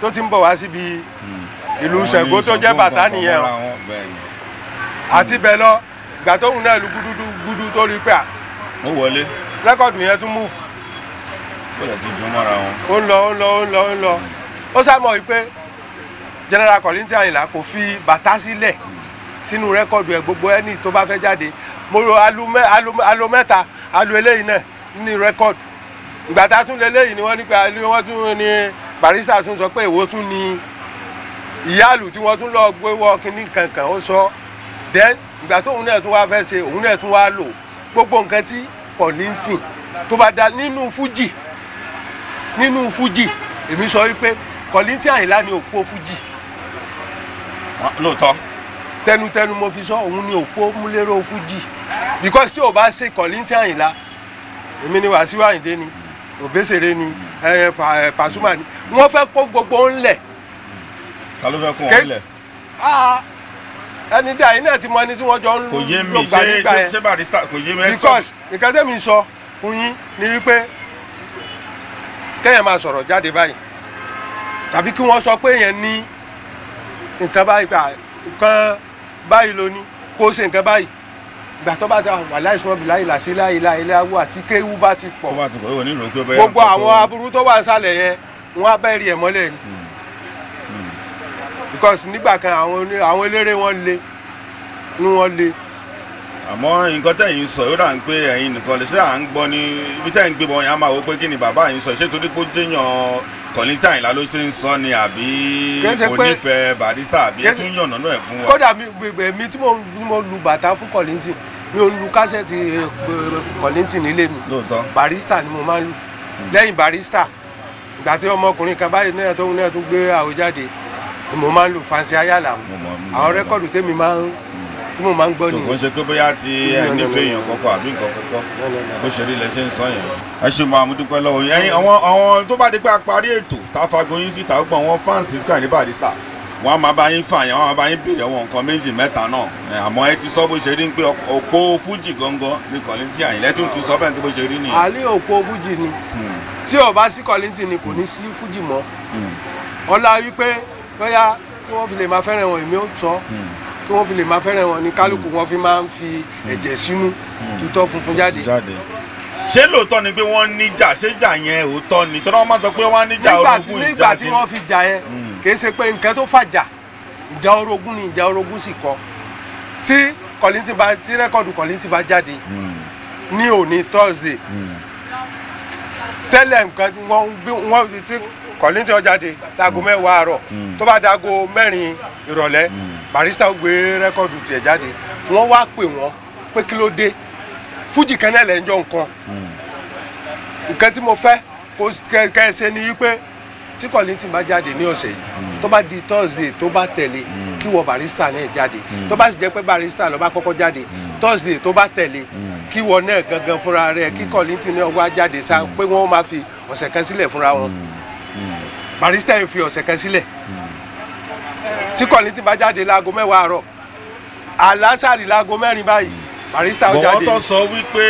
tó ti ń bọ̀ wá síbi hmm. ìlú Ṣàngó tó jẹ́ bàtá nìyẹn o àti bẹ́ẹ̀ lọ ìgbà tóun náà lu gúdúdú gúdú tó rí pé à. ó wọlé. rẹ́kọ̀dù yẹn tún múfù. ó lọ sí jùmọ̀ ra wọn. ó ń lọ ó ń lọ ó ń lọ ó ń lọ ó sá wípé general Kollington Àyìnlá kò fi bàtá sínú rẹ́kọ̀dù ẹ̀ gbogbo ẹni tó bá fẹ́ jáde mo ro alo mẹ́ta alo eléyìí náà nínú rẹ́kọ̀dù ìgbà tá a tún lé eléyìí ni wọ́n nípa ni wọ́n tún ni barista tún sọ pé èwo tún ni ìyáàlù tí wọ́n tún lọ gbé wọ kínní kankan ó sọ then ìgbà tó òun náà tún wá fẹ́ ṣe òun náà tún wá lò gbogbo nǹkan tí kọ̀lìntìn tó bá da nínú fújì nínú fújì èmi sọ wípé kọ̀lìntìn àyìnlá ni òpó fújì. lóòótọ́ tẹnutẹnu mo fi sọ òun ni òpó múlẹ́rọ̀ fújì because tí o bá ṣe kọ̀lìntì àyìnlá èmi ni wàásù àyìndé ni òbésèré ni pàṣùmà ni wọ́n fẹ́ kó gbogbo ńlẹ̀. ta ló fẹ́ kó wọn lẹ̀. ẹni tí àyìn náà ti mọ ẹni tí wọ́n jọ ń lò gbà nígbà yẹn ṣé barista kò yé mi ẹ sọ. because nǹkan tẹ́mi sọ fún yín ni wípé kéèyàn máa sọ̀rọ̀ jáde báyìí tàbí kí wọ́n sọ pé èèyàn ní nǹkan báyìí nǹkan báyìí ló ní kó ṣe nǹkan báyìí ìgbà tó bá ti wà láìsùn ọbì láyìí làṣẹ láyìí láyìí láwọ àti kéwú bá ti pọ̀ gbogbo àwọn aburú tó wà sálẹ̀ yẹn wọ́n á rí ẹ̀ mọ́lẹ̀ ni hmm. Hmm. because nígbà kan àwọn eléré wọn le ni wọn le àmọ́ nǹkan tẹ̀yìn sọ ó dà ń pé ẹ̀yin nìkan lè ṣe à ń gbọ́ ní ibi tẹ̀yìn gbé bọ́ yẹn á máa wò pé kí ni bàbá yìí sọ ṣé torí pé ó jẹ́yàn Kollington la ló ṣe ń sọ ni àbí onífẹ̀ẹ́ Barrister àbí ẹ tún yànnà náà ẹ̀ fún wa. kódà mi tí mo lu bàtà fún Kollington mi ò lu kásẹ̀tì Kollington eh, nílé mi Barrister ni mo máa ń lu lẹ́yìn Barrister ìgbà tí ọmọkùnrin kan báyìí náà tó ń gbé àwòjáde ni mo máa ń lu Fancy Ayala àwọn rẹ́kọ̀dù tèmi máa ń tí mo máa ń gbọ́ nìyẹn. ṣùgbọ́n ṣe pé bóyá ti nífẹ̀ẹ́ èèyàn kọ́kọ́ àbí nǹkan kọ́kọ́ bó ṣe rí ilẹ̀ ṣe ń sọ yẹn. ẹ ṣe máa mú dúpẹ́ lọ́wọ́ yẹn àwọn àwọn tó bá di parí ètò tá a fagun yín síta gbọ́n wọn fans Sky ní Barrister wọn a máa bá yín fà yẹn wọn a máa bá yín béèrè àwọn nǹkan méjì mẹ́ta náà àmọ́ ẹ ti sọ bó ṣe rí pé òpó fújì gangan ni kọ́lìntì àyìnlẹ́ tún ti sọ bẹ́ẹ̀ tó bó ṣe rí nìyẹn. àlẹ́ òpó fújì ni hmm. tí ò bá sí kọ́lìntì ni kò ní sí fújì tí wọ́n fi lè máa fẹ́ràn wọn ni kálukú wọn fi máa ń fi ẹ̀jẹ̀ sínú tutọ́ hmm. funfun jáde ṣé lóòótọ́ ni pé wọ́n níjà ṣé jà yẹn òótọ́ ni tọ́lá wọn máa sọ pé wọ́n níjà orogún ìjà nígbà tí wọ́n fi jà yẹn hmm. kì ṣe pé nǹkan tó fàjà ìjà orogún ni ìjà orogún sì kọ tí Kollington bá tí rẹ́kọ̀dù Kollington bá jáde hmm. ní òní Thursday tẹ́lẹ̀ nǹkan wọ́n kọ̀lìntì ọjàde dago mm. mẹ́wàá àárọ̀ mm. tó bá dago mẹ́rin ìrọ̀lẹ́ mm. barista gbé rẹ́kọ̀dù tiẹ̀ jáde wọ́n wá pè wọ́n pé kí ló dé fújì kẹ́nẹ́lẹ̀ ń jọ nǹkan nǹkan tí mo fẹ́ kó kẹ́ẹ̀ṣe ni wípé tí kọ̀lìntì bá jáde ní ọ̀sẹ̀ yìí tó bá di thursday tó bá tẹ̀lé kí wọ barista náà jáde tó bá sì jẹ́ pé barista ló bá kọ́kọ́ jáde thursday tó bá tẹ̀lé kí wọ náà gangan fúnra rẹ̀ kí kọ̀lìntì náà wá jáde sa pé wọ́n máa fi ọ̀sẹ̀ kan sílẹ̀ fúnra wọn barista yìí fi ọ̀sẹ̀ kan sílẹ̀ tí kọ́lítì bá jáde láago mẹ́wàá àárọ̀ àlásàrì láago mẹ́rin báyìí barista ó jáde. bọ́wọ́ tó sọ wípé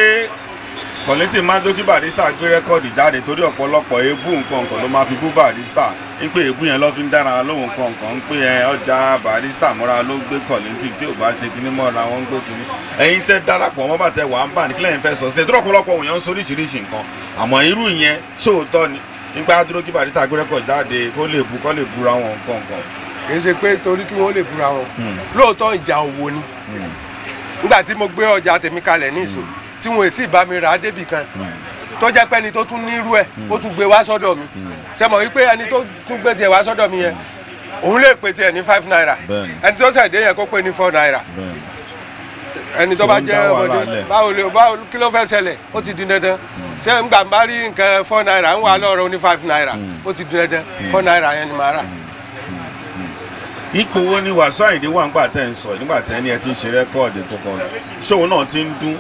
kọ́lítì máa ń dókí barista gbé rẹ́kọ̀dì jáde torí ọ̀pọ̀lọpọ̀ èébú nǹkankan ló máa fi bú barista wípé èébú yẹn ló fi ń dára lóhùn kankan ń pè ẹ ọjà barista mọ́ra ló gbé kọ́lítì tí ò bá ṣe kíní mọ́ra wọn ń gbé kíní ẹ̀yin tẹ́ darapọ̀ mọ́ bàtẹ́ wà ń bà ní kílẹ̀ ń fẹ́ sọ ṣe tó ọ̀pọ̀lọpọ̀ òyìn ń soríṣiríṣi nǹkan àmọ́ irú yẹn sóòótọ́ ni nígbà dúró kí Barrister gbé rẹ́kọ̀d jáde kó lè bu kó lè búra wọn gangan. kì í ṣe pé torí kí wọ́n lè búra wọn hmm. lóòótọ́ ìjà òwò ni hmm. nígbà tí mo gbé ọjà tèmi kalẹ̀ nísìn hmm. tí wọn ètí ìbá mi rà á débì kan tó jẹ́ pẹ́ni tó tún nírú ẹ̀ ó tún gbé wá sọ́dọ̀ mi ṣe mọ̀ wípé ẹni tó tún gbé tiẹ̀ wá sọ́dọ̀ mi yẹn òun lè pè tiẹ̀ ní five naira ẹni tó ṣẹ̀dé yẹn kó pè ní four naira ẹni tó bá jẹ́ ọmọdé báwo lè báwo kí ló fẹ́ ṣẹlẹ̀ ó ti di dandan hmm. ṣé ngbà ń bá rí nǹkan four naira ń wà lọ́rọ̀ ní five naira hmm. ó ti di dandan hmm. four naira yẹn ni màá rà. ipò wo ni Wasiu Ayinde wà nígbà tẹ́ ń sọ nígbà tẹ́ ni ẹ ti ń ṣe rẹ́kọ́ọ̀dì tó kọ ṣóun náà ti ń dún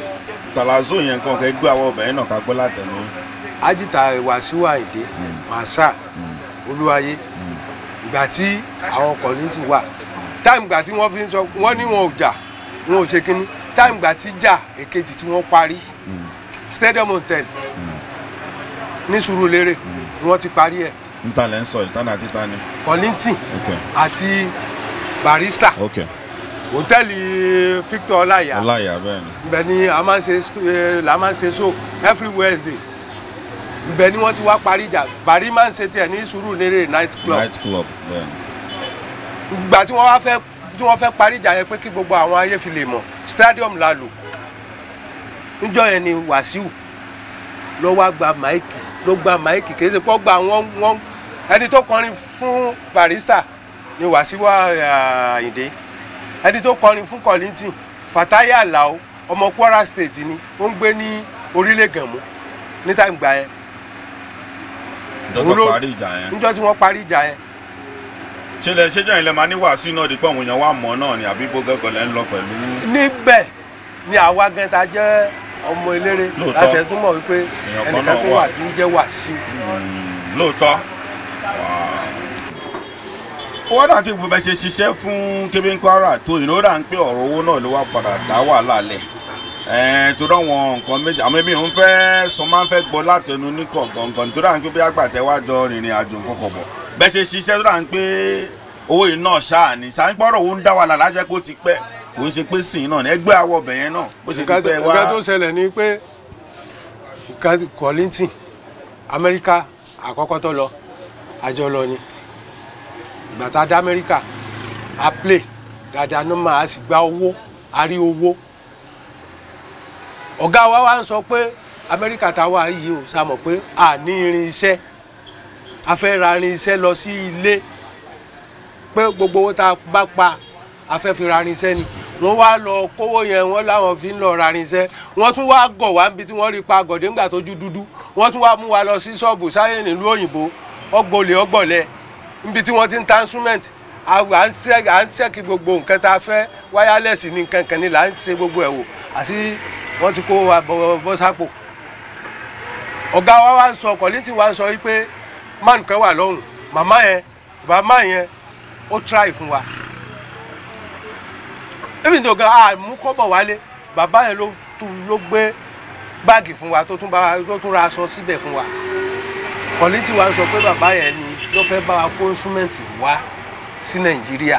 tàlàzó yẹn kan kẹ́ gbé àwọn obìnrin náà ká gbọ́ látẹ̀nu. ajita Wasiu Ayinde màṣà olúwayé ìgbà tí àwọn ọkọ̀ ní ti wà táìmù ìgbà tí wọ́n fi ń sọ wọ́n ní wọn ò jà wọn ò ṣe kínní time gbà tí jà èkejì tí wọ́n parí hmm. stadium hotel hmm. ní Surulere ni hmm. wọ́n ti parí ẹ̀. níta lẹ́ ń sọ ìtàn àti ìtàn ni. Kollington àti Barrister hòtẹ́ẹ̀lì Victor Ọláyà Ọláyà bẹ́ẹ̀ ni ibẹ̀ ni a máa ń eh, la máa ń so every Wednesday ibẹ̀ ni wọ́n ti wá parí ìjà Bari máa ń ṣe tiẹ̀ ní Surulere night club night club bẹ́ẹ̀ ni. ìgbà tí wọ́n wá fẹ́ tí wọ́n fẹ́ parí ìjà yẹn pé kí gbogbo àwọn ayé fi lè mọ̀ stadium la lò níjọ́ yẹn ni Wàsíù ló wá gba máìkì ló gba máìkì kì í ṣe pé ó gba wọ́n wọ́n ẹni tó kọrin fún Barrister ni Wàsíù Àyìndé ẹni tó kọrin fún Kollington Fatai Alao ọmọ Kwara State ni ó ń gbé ní orílẹ̀ Gànmú níta ìgbà yẹn. ìjọ tó parí ìjà yẹn. ìjọ tí wọ́n parí ìjà yẹn ṣe lẹ ṣe jẹ́ ìlẹ̀ máa ní wàásù náà dípò àwọn èèyàn wà mọ́ náà ni àbí bó gẹ́gọ́ lẹ́ ń lọ pẹ̀lú. níbẹ̀ ni àwa gan ta jẹ́ ọmọ eléré láṣẹ túmọ̀ wípé ẹnìkan tó wà tí ń jẹ́ wàásù. Hmm, lóòótọ́ owó náà kí gbogbo ẹ ṣe ṣiṣẹ́ fún Kébé Nkwárà tó ìnáwó à ń pé ọ̀rọ̀ owó náà ló wá padà dá wàhálà lẹ̀ torí àwọn nǹkan méjì àmọ́ èmi òun fẹ́ sọ máa ń fẹ́ gbọ́ látẹnu oníkọ̀ọ̀gàngàn torí à ń pé bí àgbàtẹ́wájọ rìnrìn àjò nǹkan bọ̀ bẹ́ẹ̀ ṣe ṣiṣẹ́ tó dà ń pé owó yìí náà ṣáà ní ṣàǹpọ̀rọ̀ òun dá wàhálà lájẹ́ kó ti pẹ́ kò ń ṣe pé sìn náà ní ẹgbẹ́ awọ ọbẹ̀ yẹn náà ó ṣe ti pẹ́ wá. nǹkan tó ṣẹlẹ̀ ni pé Kollington Amẹ́ríkà àkọ́kọ́ tó lọ àjọ lọ ni ìgbà tá a dá Amẹ́ríkà a play dáadáa ní máa a sì gba owó a rí owó ọ̀gá wa wá ń sọ pé Amẹ́ríkà tá a wà yìí ò sá mọ̀ pé a ní irin iṣẹ́ a fẹ́ ra irinṣẹ́ lọ sí ilé pé gbogbo owó tá a bá pa a fẹ́ fi ra irinṣẹ́ ni wọ́n wá lọ kówó yẹn wọ́n láwọn fi ń lọ ra irinṣẹ́ wọ́n tún wá gọ̀ wá níbi tí wọ́n rí pa gọ̀dé ńgbà tójú dúdú wọ́n tún wá mú wa lọ sí ṣọ́ọ̀bù sáyẹn nílùú òyìnbó ọgbọ̀lẹ̀ ọgbọ̀lẹ̀ níbi tí wọ́n ti ń ta instrument à ń ṣẹ́kì gbogbo nǹkan tá a fẹ́ wireless ní nǹkan kan ní là ń ṣe gbogbo ẹ̀ wò àti wọ́n ti kó wa bọ́ sápò ọ̀gá wa wá ń sọ kọ̀lìntì wa ń sọ wípé man kan wà lọ́hùn màmá yẹn bàbá yẹn ó try fún wa ebi tó gan àmú kọ́bọ̀ wálé bàbá yẹn ló ló gbé báàgì fún wa tó tún bá tó tún ra aṣọ síbẹ̀ fún wa kọ̀lítì wa sọ pé bàbá yẹn ni ló fẹ́ bá wa kó instrumenti wá sí nàìjíríà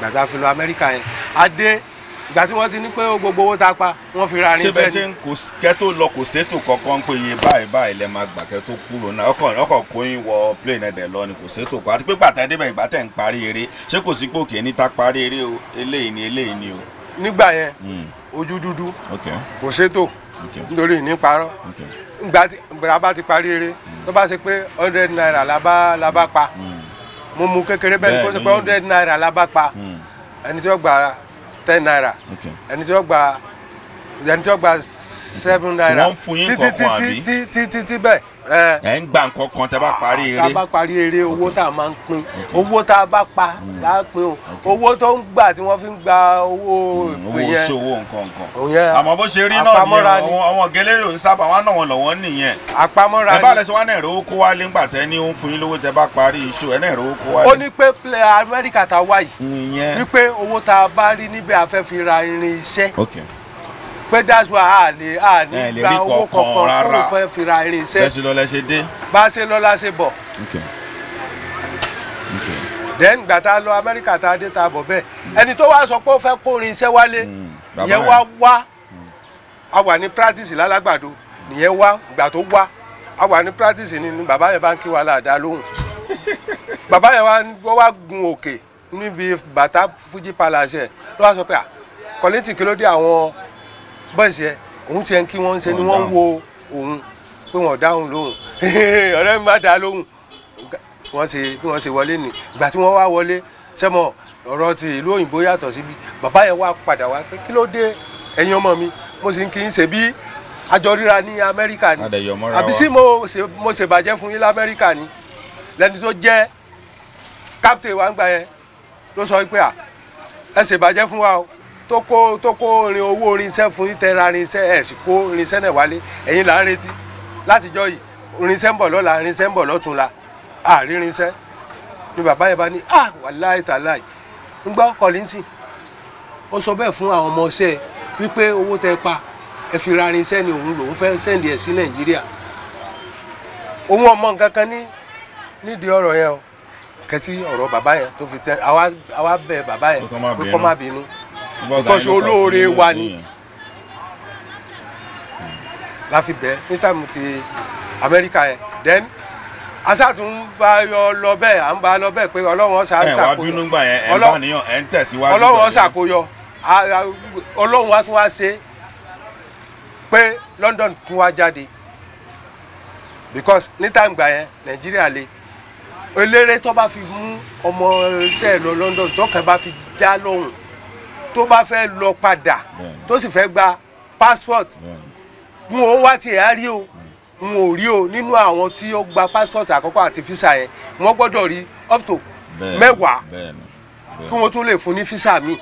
gbàgbà fi lọ amẹ́ríkà yẹn adé ìgbà tí wọ́n ti ní pé gbogbo owó ta pa wọ́n fi ra ní sẹ́ni. ṣé bẹ́ẹ̀ ṣe ń kò kẹ́tò lọ kò ṣètò kankan pé iye báyìí báyìí lẹ máa gbà kẹ́tò kúrò náà ọkọ̀ ọkọ̀ kóyìn wọ plane ẹ̀dẹ̀ lọ ni kò ṣètò kan àti pé gbàtà débẹ̀ ìgbà tẹ̀ ń parí eré ṣé kò sí pòkè ní ta parí eré o eléyìí ni eléyìí ni o. nígbà yẹn hmm. ojú dúdú kò ṣètò nítorí ní parọ́ gbà bá ti parí a hmm. tó bá ṣe pé pa hmm. mo mú kékeré bẹ́ẹ̀ ni kó ṣe pé hundred naira la bá pa ẹni tí ó gbà ten naira ẹni tí ó gba ẹni tí ó gba seven naira títí títí títí títí bẹ́ẹ̀ ẹ ń gba nǹkan kan tẹ bá parí eré. tá a bá parí eré owó tá a máa ń pín owó tá a bá pa hmm. là á pín o owó tó ń gbà tí wọ́n fi ń gba owó hmm, ìpè yẹn. owó ṣòwò nǹkan nǹkan àmọ́ bó ṣe rí náà ni àwọn gẹlẹ́rì òun sábà wọn náà wọn lọ́wọ́ nìyẹn. àpamọ́ra ni ẹ bá lẹ́sọ̀ wọn náà èrò owó kó wálé ńgbà tẹ́ ní òun fún yín lówó tẹ bá parí iṣu ẹ náà èrò owó kó wálé. ó ní pé Amẹ́ríkà tá a wá yìí wípé owó tá a bá rí níbẹ̀ a fẹ́ fi ra irin iṣẹ́ pé that's why a lè a ní gba owó kankan kó o fẹ́ fira eré iṣẹ́ bẹ́ẹ̀ sì lọ́la ṣe dé bá a ṣe lọ́la ṣe bọ̀ then gbà tá a lọ amẹ́ríkà tá a dé tá a bọ̀ bẹ́ẹ̀ ẹni tó wá sọ pé ó fẹ́ kórin iṣẹ́ wálé hmm. ìyẹn wá wá hmm. a wà ní practice lálágbàdo nìyẹn wá gbà tó wá a wà ní practice ni bàbá yẹn bá ń kí wa láàdá lóhùn <laughs> bàbá yẹn wá gun òkè níbi bàtà Fuji Palace ẹ ló wá sọ pé kọ́lẹ́tì kí àwọn bọ́ọ̀sì ẹ òun tiẹ̀ ń kí wọ́n ń ṣe ni wọ́n wo òun pé wọ́n dáhùn lóhùn <laughs> ọ̀rẹ́ mi bá dá lóhùn wọ́n ṣe bí wọ́n ṣe wọlé nì ìgbà tí wọ́n wá wọlé sẹ́mọ̀ ọ̀rọ̀ ti ìlú òyìnbó yàtọ̀ síbi bàbá yẹn wá padà wá pé kí ló dé ẹ̀yin ọmọ mi mo sì ń kí n ṣe bí àjọríra ní amẹ́ríkà ni àbí sí mo ṣèbàjẹ́ fún yín lamẹ́ríkà ni lẹ́ni tó jẹ́ captain wa ń gbà yẹn ló sọ pé à ẹ ṣèbàjẹ́ fún wa o tó kó tó kó rin owó irinṣẹ́ fún yín tẹ́ra irinṣẹ́ ẹ̀ sì kó irinṣẹ́ náà wálé ẹ̀yin là ń retí látijọ́ yìí irinṣẹ́ ń bọ̀ lọ́la irinṣẹ́ ń bọ̀ lọ́túnla àrí irinṣẹ́ ni bàbá yẹn bá ní ah wàláì tàláì ńgbọ́ kọ́lìntì ó sọ bẹ́ẹ̀ fún àwọn ọmọ ọṣẹ́ wípé owó tẹ pa ẹ fi ra irinṣẹ́ ni òun lòún fẹ́ sẹ́ndì ẹ̀ sí nàìjíríà òun ọmọ nǹkan kan ní nídìí ọ̀rọ̀ yẹn o kẹtí ọ̀rọ̀ bàbá yẹn tó fi tẹ àwa bẹ bàbá yẹn pé kó má bínú because olóore wa ni la fi bẹ ní táìmù ti amẹ́ríkà yẹn then asátún bá yọ lọ bẹ́ẹ̀ à ń bá lọ bẹ́ẹ̀ pé ọlọ́wọ́n ṣàkóyọ ọlọ́wọ́n ṣàkóyọ ọlọ́wọ́n wa tún wá ṣe pé London tún wá jáde because ní táìmù gbà yẹn nàìjíríà le eléré tó bá fi mú ọmọ iṣẹ́ lọ London tó kàn bá fi já lóhùn tó bá fẹ́ lọ padà tó sì fẹ́ gba passport n ò wá tiẹ̀ á rí o n ò rí o nínú àwọn tí ó gba passport àkọ́kọ́ àti fisa yẹn wọ́n gbọ́dọ̀ rí up to mẹ́wàá kí wọ́n tó lè fún ní fisa mi.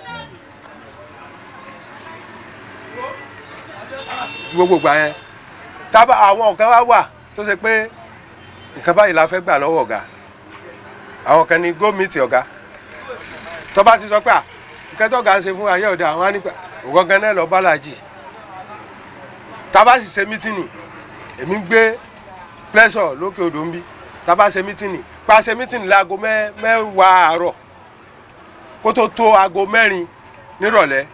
gbogbo gbà yẹn tábà àwọn kan wá wà tó ṣe pé nǹkan báyìí la fẹ́ gbà lọ́wọ́ ọ̀gá àwọn kan ní go meet ọ̀gá tó bá ti sọ pé à kẹtọ́gà ṣe fún ayé ọ̀dà àwọn ànípa ògangan náà lọ bàlájì tábà sì ṣe mítìnì èmi ń gbé pẹ́sọ̀ lókè odò ń bí tábà ṣe mítìnì pa ṣe mítìnì láago mẹ́wàá àárọ̀ kó tó tó aago mẹ́rin nírọ̀lẹ́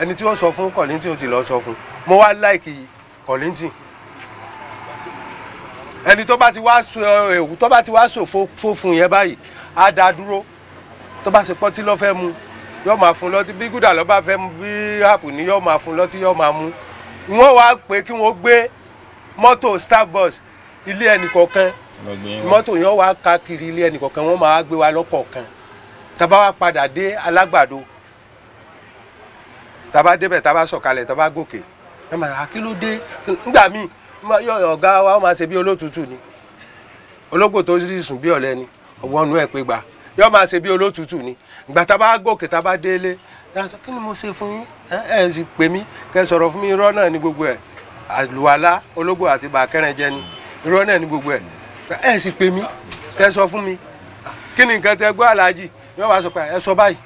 ẹni tí ó sọ fún kọ̀lìntì ó ti lọ sọ fún mo wá láìkì kọ̀lìntì ẹni tó bá ti wá so ewu tó bá ti wá so fófun yẹn báyìí á dá dúró tó bá ṣe pọ́tí lọ́fẹ́ mu yóò máa fún lọ́tí bí gúdà lọ́ fẹ́ mu bí àpò ní yóò máa fún lọ́tí yóò máa mú wọ́n wá pé kí wọ́n gbé mọ́tò Starbucks ilé ẹnìkọ̀ọ̀kan mọ́tò yẹn wá káàkiri ilé ẹnìkọ̀ọ̀kan wọ́n máa gbé wa lọ́kọ̀ọ̀kan tàbá wa padà dé alágbàdo tàbá débẹ̀ tàbá sọ̀kalẹ̀ tàbá gòkè wa ó máa ṣe bí olótùtù ni ni ọ̀wọ́nú ẹ̀ pé ìgbà tá a bá gòkè tá a bá délé dáhùn kí ni mo ṣe fún ẹ ẹ sì pè mí kẹ sọ̀rọ̀ fún mi irọ́ náà ni gbogbo ẹ̀ àlùwàlá ológbò àti bàkẹ́rẹ̀ jẹ ni irọ́ náà ni gbogbo ẹ̀ ẹ sì pè mí kẹ sọ fún mi kí ni nǹkan tẹ gbọ́ aláàjì yóò wá sọ pé ẹ sọ báyìí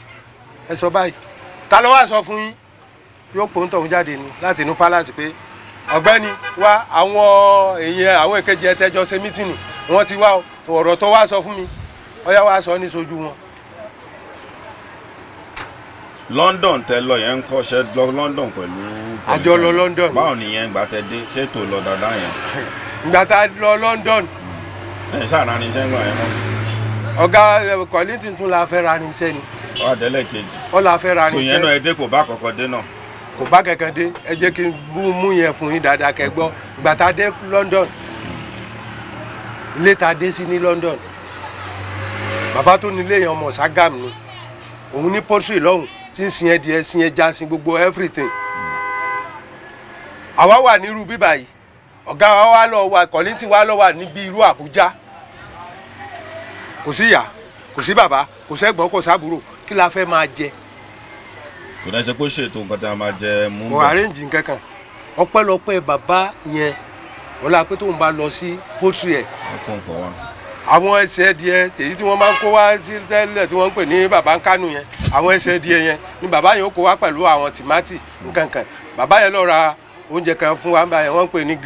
ẹ sọ báyìí ta ló wá sọ fún yín yóò pòǹtọ̀ ń jáde ni láti inú palace pé ọ̀gbẹ́ni wa àwọn èèyàn àwọn èkejì ẹtẹjọ ṣe mítìnì wọ́n ti wá ọ̀rọ̀ tó wá sọ fún mi ọyá wa sọ ní sojú wọn. London tẹ lọ yẹn ń kọ́ lọ London pẹ̀lú. àjọ lọ London. báwo nìyẹn ìgbà tẹ dé ṣètò lọ dáadáa yẹn. ìgbà tá a lọ London. ẹ ṣáà rani iṣẹ́ ń gbọ́ yẹn mọ́. ọ̀gá kọ́lí tuntun la fẹ́ rani iṣẹ́ ni. ọ àdẹ́lẹ̀ kejì. ọ la fẹ́ rani iṣẹ́. sòyẹn náà ẹ dé kò bá kọ̀kọ́ dé náà. kò bá kankan dé ẹ jẹ́ kí n mú yẹn fún yín dáadáa kẹ́ gbọ́ ìgbà tá a dé London ilé tá a dé sí ní London bàbá tó nílé yẹn ọmọ Ságàmù òun ní pọ́tírì lọ́hùn tí sin ẹdìẹ sin ẹja sin gbogbo everything àwa wà nírú bíbà yìí ọ̀gá wa wá lọ wà kọ́lẹ́ntì wa lọ wà níbi irú Àbújá kò sí ìyá kò sí bàbá kò sẹ́gbọ́n kò sábúrò kí la fẹ́ máa jẹ. kò dáṣe pé ṣètò nǹkan tí a máa jẹ mú. mo arrange nǹkan kan bàbá yẹn wọn la pé tóun bá lọ sí poultry ẹ. ọkọ nǹkan wa. àwọn ẹsẹ̀ díẹ tèyí tí wọn máa ń kó wá sí tẹ́lẹ̀ tí wọ́n ń pè ní bàbá ń kánú yẹn àwọn ẹsẹ̀ díẹ̀ yẹn ni bàbá yẹn ó kó wá pẹ̀lú àwọn tìmátì nkankan bàbá yẹn lọ ra oúnjẹ kan fún wa báyẹn ń pè ní wà yẹn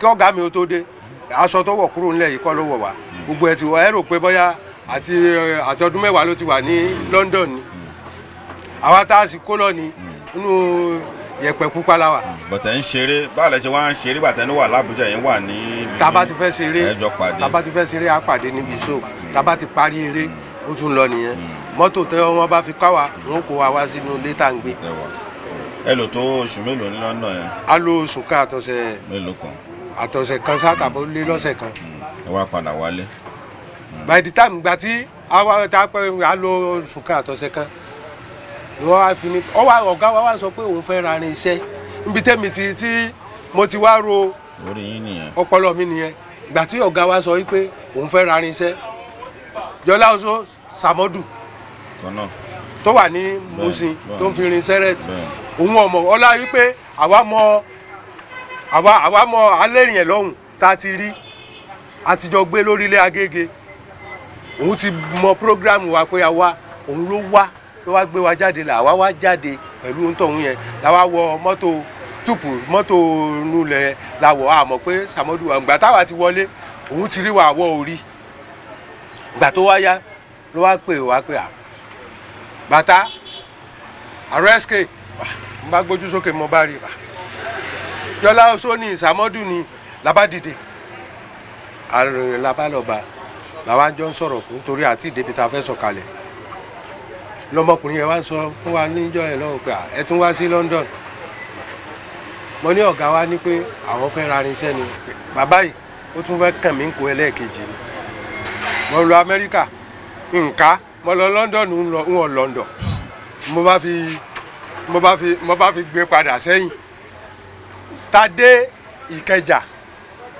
kí ọ̀gá mi ó tó dé aṣọ gbogbo ẹ̀ ti rò pé London àwa tá a sì kó lọ ni nínú yẹ̀pẹ̀ pupa la wà. bọ̀tẹ̀ ń ṣeré báàlẹ̀ ṣe wá ń ṣeré bàtẹ́ ní wà lábújá yẹn wà ní. taba ti fẹ́ ṣeré taba ti fẹ́ ṣeré a pàdé níbi so taba ti parí eré ó tún lọ nìyẹn mọ́tò tẹ wọn bá fi ká wa wọn kó wa wá sínú ilé ń gbé. ẹ lò tó oṣù mélòó ní lọ́nà yẹn. a lo oṣù ká àtọ̀sẹ̀. mélòó kan. àtọ̀sẹ̀ kan sátàbọ̀ lé lọ́sẹ̀ kan. ẹ wá padà wálé. by the time gbàtí a wá ta pẹ́ a lo oṣù ká àtọ̀sẹ̀ kan wọ́n wá fi ní ọwọ́ ọ̀gá wa wá sọ pé òun fẹ́ ra irinṣẹ́ níbi tẹ́mi ti tí mo ti wá ro ọpọlọ mi nìyẹn ìgbà tí ọ̀gá wa sọ wípé òun fẹ́ ra irinṣẹ́ jọlá oṣó sàmọ́dù tó wà ní musin tó ń fi irinṣẹ́ rẹ̀ òun ọmọ ọlá wípé àwa mọ àwa mọ alẹ́rìn lọ́hùn tá a ti rí àtijọ́ gbé lórílẹ̀ Agége òun ti mọ prógráàmù wa pé a wá òun ló wá ló wá gbé wa jáde là wá wá jáde pẹ̀lú ohun tọ̀hún yẹn là wá wọ mọ́tò túpù mọ́tò nulẹ̀ la wọ̀ á mọ̀ pé Sàmọ́dù àgbà táwa ti wọlé òun ti rí wa àwọ̀ orí gbà tó wá yá ló wá pè wá pé à bàtà àrẹ́sìkè n bá gbójú sókè mo bá rí i yọlá oṣó ni Sàmọ́dù ni làbá dìde àrùn làbá lọ́ba làwa jọ ń sọ̀rọ̀ nítorí àti ìdèbí tá a fẹ́ sọ̀kalẹ̀. So lọmọkùnrin yẹn wá sọ fún wa níjọ́ ẹ̀ lọ́wọ́ pé ẹ tún wá sí London mo ní ọ̀gá wa ní pé àwọn fẹ́ ra irinṣẹ́ ni bàbá yìí ó tún fẹ́ kàn mí kó ẹlẹ́ẹ̀kejì ni mo lọ Amẹ́ríkà nǹka mo lọ London ń wọ London mo bá fi mo bá fi mo bá fi gbé padà sẹ́yìn ta dé Ìkẹjà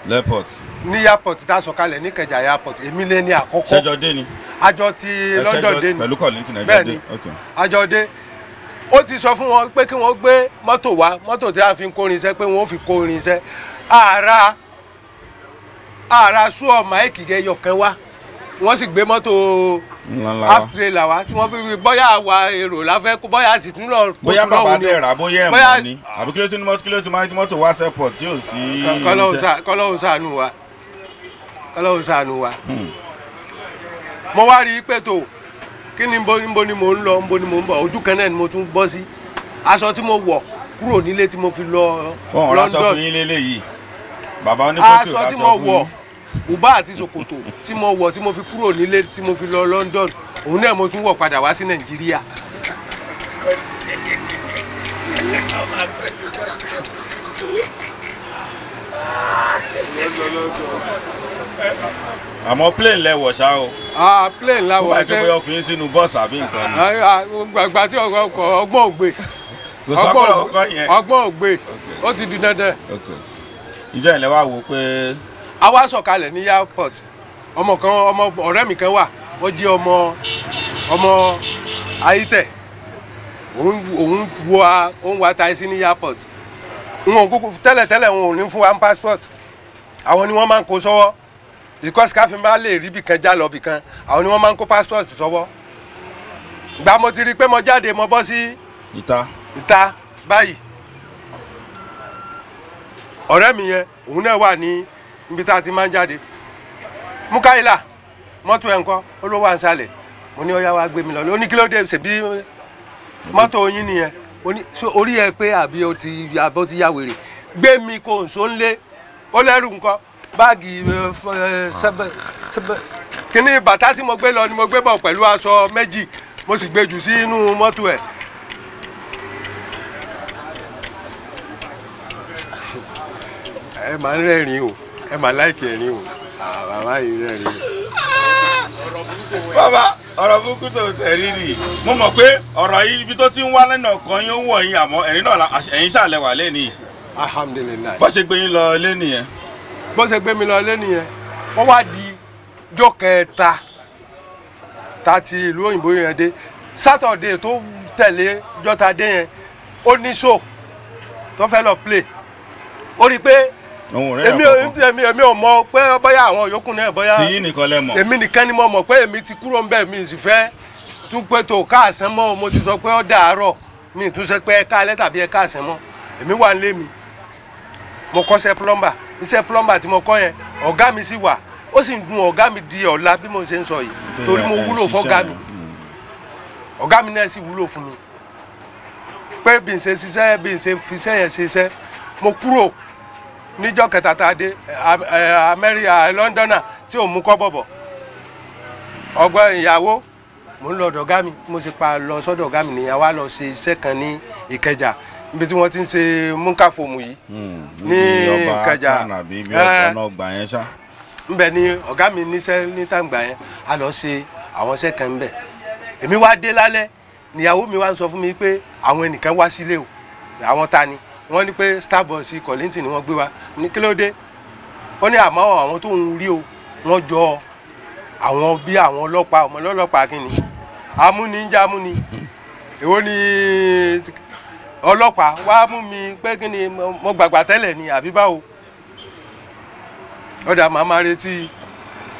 lẹ́pọ̀t ní airport tá a sọ̀kalẹ̀ ní Ìkẹjà airport èmi lé ní àkọ́kọ́ ṣẹjọ dé ni àjọ ti London dé ni pẹ̀lú kọ̀lìntì nàìjíríà dé àjọ dé ó ti sọ fún wọn pé kí wọ́n gbé mọ́tò wá mọ́tò tí a fi ń kórin iṣẹ́ pé wọ́n ó fi kórin iṣẹ́ ààrà ààrà sùọ́ máìkì gẹ́yọ̀ kan wá wọ́n sì gbé mọ́tò aftrailer wa tí wọ́n fi fi bóyá wa èrò láfẹ́ kó bóyá sì tún lọ kó sí lọ́wọ́ o bóyá bàbá dẹ̀ rà bóyá ẹ̀mọ́ ni àbí kí ló tún mọ́tò kí ló tún máa ń mọ́tò wá sẹ́pọ̀ tí ò sí. kọ́lọ́hùn ṣàánú wa kọ́lọ́hùn ṣàánú wa mo wá rí i pé tó kí ni nbo ni mo ń lọ nbo ni mo ń bọ̀ ojú kan náà ni mo tún bọ́ sí aṣọ tí mo wọ̀ kúrò nílé tí mo fi lọ London wọn ò aṣọ fún tí mo wọ̀ bùbá àti ṣòkòtò tí mo wọ̀ tí mo fi kúrò nílé tí mo fi lọ London òun náà mo tún wọ̀ padà wá sí Nàìjíríà. Thank you àmọ́ plane lẹ́wọ̀ ṣá o. ah plane la wọ̀ ṣe. wọ́n bá ti fọyọ́ fún yín sínú bọ́ọ̀sì àbí nǹkan ni. Ah, ah, gbàgbà tí ọkọ̀ ọgbọ́n ògbé. kò sọ́kọ̀ ọkọ̀ yẹn. ọgbọ́n ògbé ó ti di dandan. ìjọ ìlẹ̀ wa wò pé. a wá sọ̀kalẹ̀ ní airport ọmọ kan ọmọ ọ̀rẹ́ mi kan wà ó jẹ́ ọmọ ọmọ ayítẹ̀ òun òun wo a òun wa ta sí ní airport n ò kúkú tẹ́lẹ̀tẹ́lẹ̀ òun ò ní fún wa passport àwọn ni wọ́n máa ń kó sọ́wọ́ because káfíń bá lè rí bìkan já lọ bìkan àwọn ni wọ́n máa ń kó passport sọ́wọ́ gba mo ti rí i pé mo jáde mo bọ́ sí. ìta. ìta báyìí ọ̀rẹ́ mi yẹn òun náà wà ní ibi tá a ti máa ń jáde Mukaila mọ́tò ẹ̀ ńkọ́ olówó ànsálẹ̀ mo ní ọ̀yá wa gbé mi lọ lóní kí ló dé ṣèbí mọ́tò yín nìyẹn orí ẹ pé àbí o ti yà wèrè gbé mi kò ń ń lé ó lẹ́rù ńkọ́ báàgì eh, eh, kíní bàtà tí mo gbé lọ ni mo gbé bọ̀ pẹ̀lú aṣọ méjì mo sì gbé jù sí inú mọ́tò ẹ̀. ẹ máa ń rẹ́rìn o ẹ máa láìkì ẹ̀rín o bàbá yìí rẹ́rìn o. bàbá ọ̀rọ̀ burúkú tó tẹ̀rí nì. mo mọ̀ pé ọ̀rọ̀ yìí ibi tó ti ń wá lẹ́nu ọkàn yín ó wọ̀ yín àmọ́ ẹ̀rín náà ẹ̀yin ṣàlẹ̀ wà lẹ́nìí. alhamdulilayi. bó ṣe gbé yín lọ lé nìyẹn bó ṣe gbé mi lọ ilé nìyẹn wọ́n wá di jọ́ kẹta ta ti ìlú òyìnbó yẹn dé sátọ̀dé tó tẹ̀lé jọ́ta dé yẹn ó ní show tó fẹ́ lọ play ó rí i pé èmi èmi èmi ò mọ pé bóyá àwọn yòókù náà bóyá tìyí nìkan lẹ mọ̀ èmi nìkan ni mo mọ̀ pé èmi ti kúrò ńbẹ̀ mi sì fẹ́ tún pé tó káàsán mọ́ mo ti sọ pé ó dàárọ̀ mi tún ṣe pé ẹ káalẹ́ tàbí ẹ káàsán mọ́ èmi wà ń lé mi mo kọ́ṣẹ́ plumber iṣẹ́ plumber tí mo kọ́ yẹn ọ̀gá mi sì wà ó sì ń dun ọ̀gá mi di ọ̀la bí mo ṣe ń sọ yìí torí mo wúlò fọ́gá mi mm. ọ̀gá mi náà sì wúlò fún mi pé bí n ṣe ṣiṣẹ́ bí n ṣe fiṣẹ́ yẹn ṣiṣẹ́ mo kúrò níjọ́ kẹta tá a dé amẹ́ríà lọ́ńdọ́nà tí ò mú kọ́ bọ̀bọ̀ ọgbọ́n ìyàwó mo ń lọ ọ̀dọ̀ mi mo sì pa lọ sọ́dọ̀ mi nìyàwó á lọ ṣe iṣẹ́ kan ní Ìkẹjà níbi tí wọ́n ti ń ṣe múkàfòmù yìí hmm, ní Ìkẹjà nbẹ eh. ni ọ̀gá mi níṣẹ́ ní tàǹgbà yẹn a lọ ṣe àwọn iṣẹ́ kan nbẹ èmi wá dé lálẹ́ níyàwó mi wá ń sọ fún mi pé àwọn ẹnìkan wá sílé o àwọn ta ni wọ́n ní pé starbucks kọ̀lìntì ni wọ́n gbé wa ní kí ló dé ó ní àmọ́ àwọn tó ń rí o wọ́n jọ àwọn bí àwọn ọlọ́pàá ọmọ ọlọ́pàá kí ni amúni ń jẹ́ amúni èwo ni ọlọ́pàá wá mú mi pé kí ni mo gbàgbà tẹ́lẹ̀ ni àbí báwo ọ̀dà màá máa retí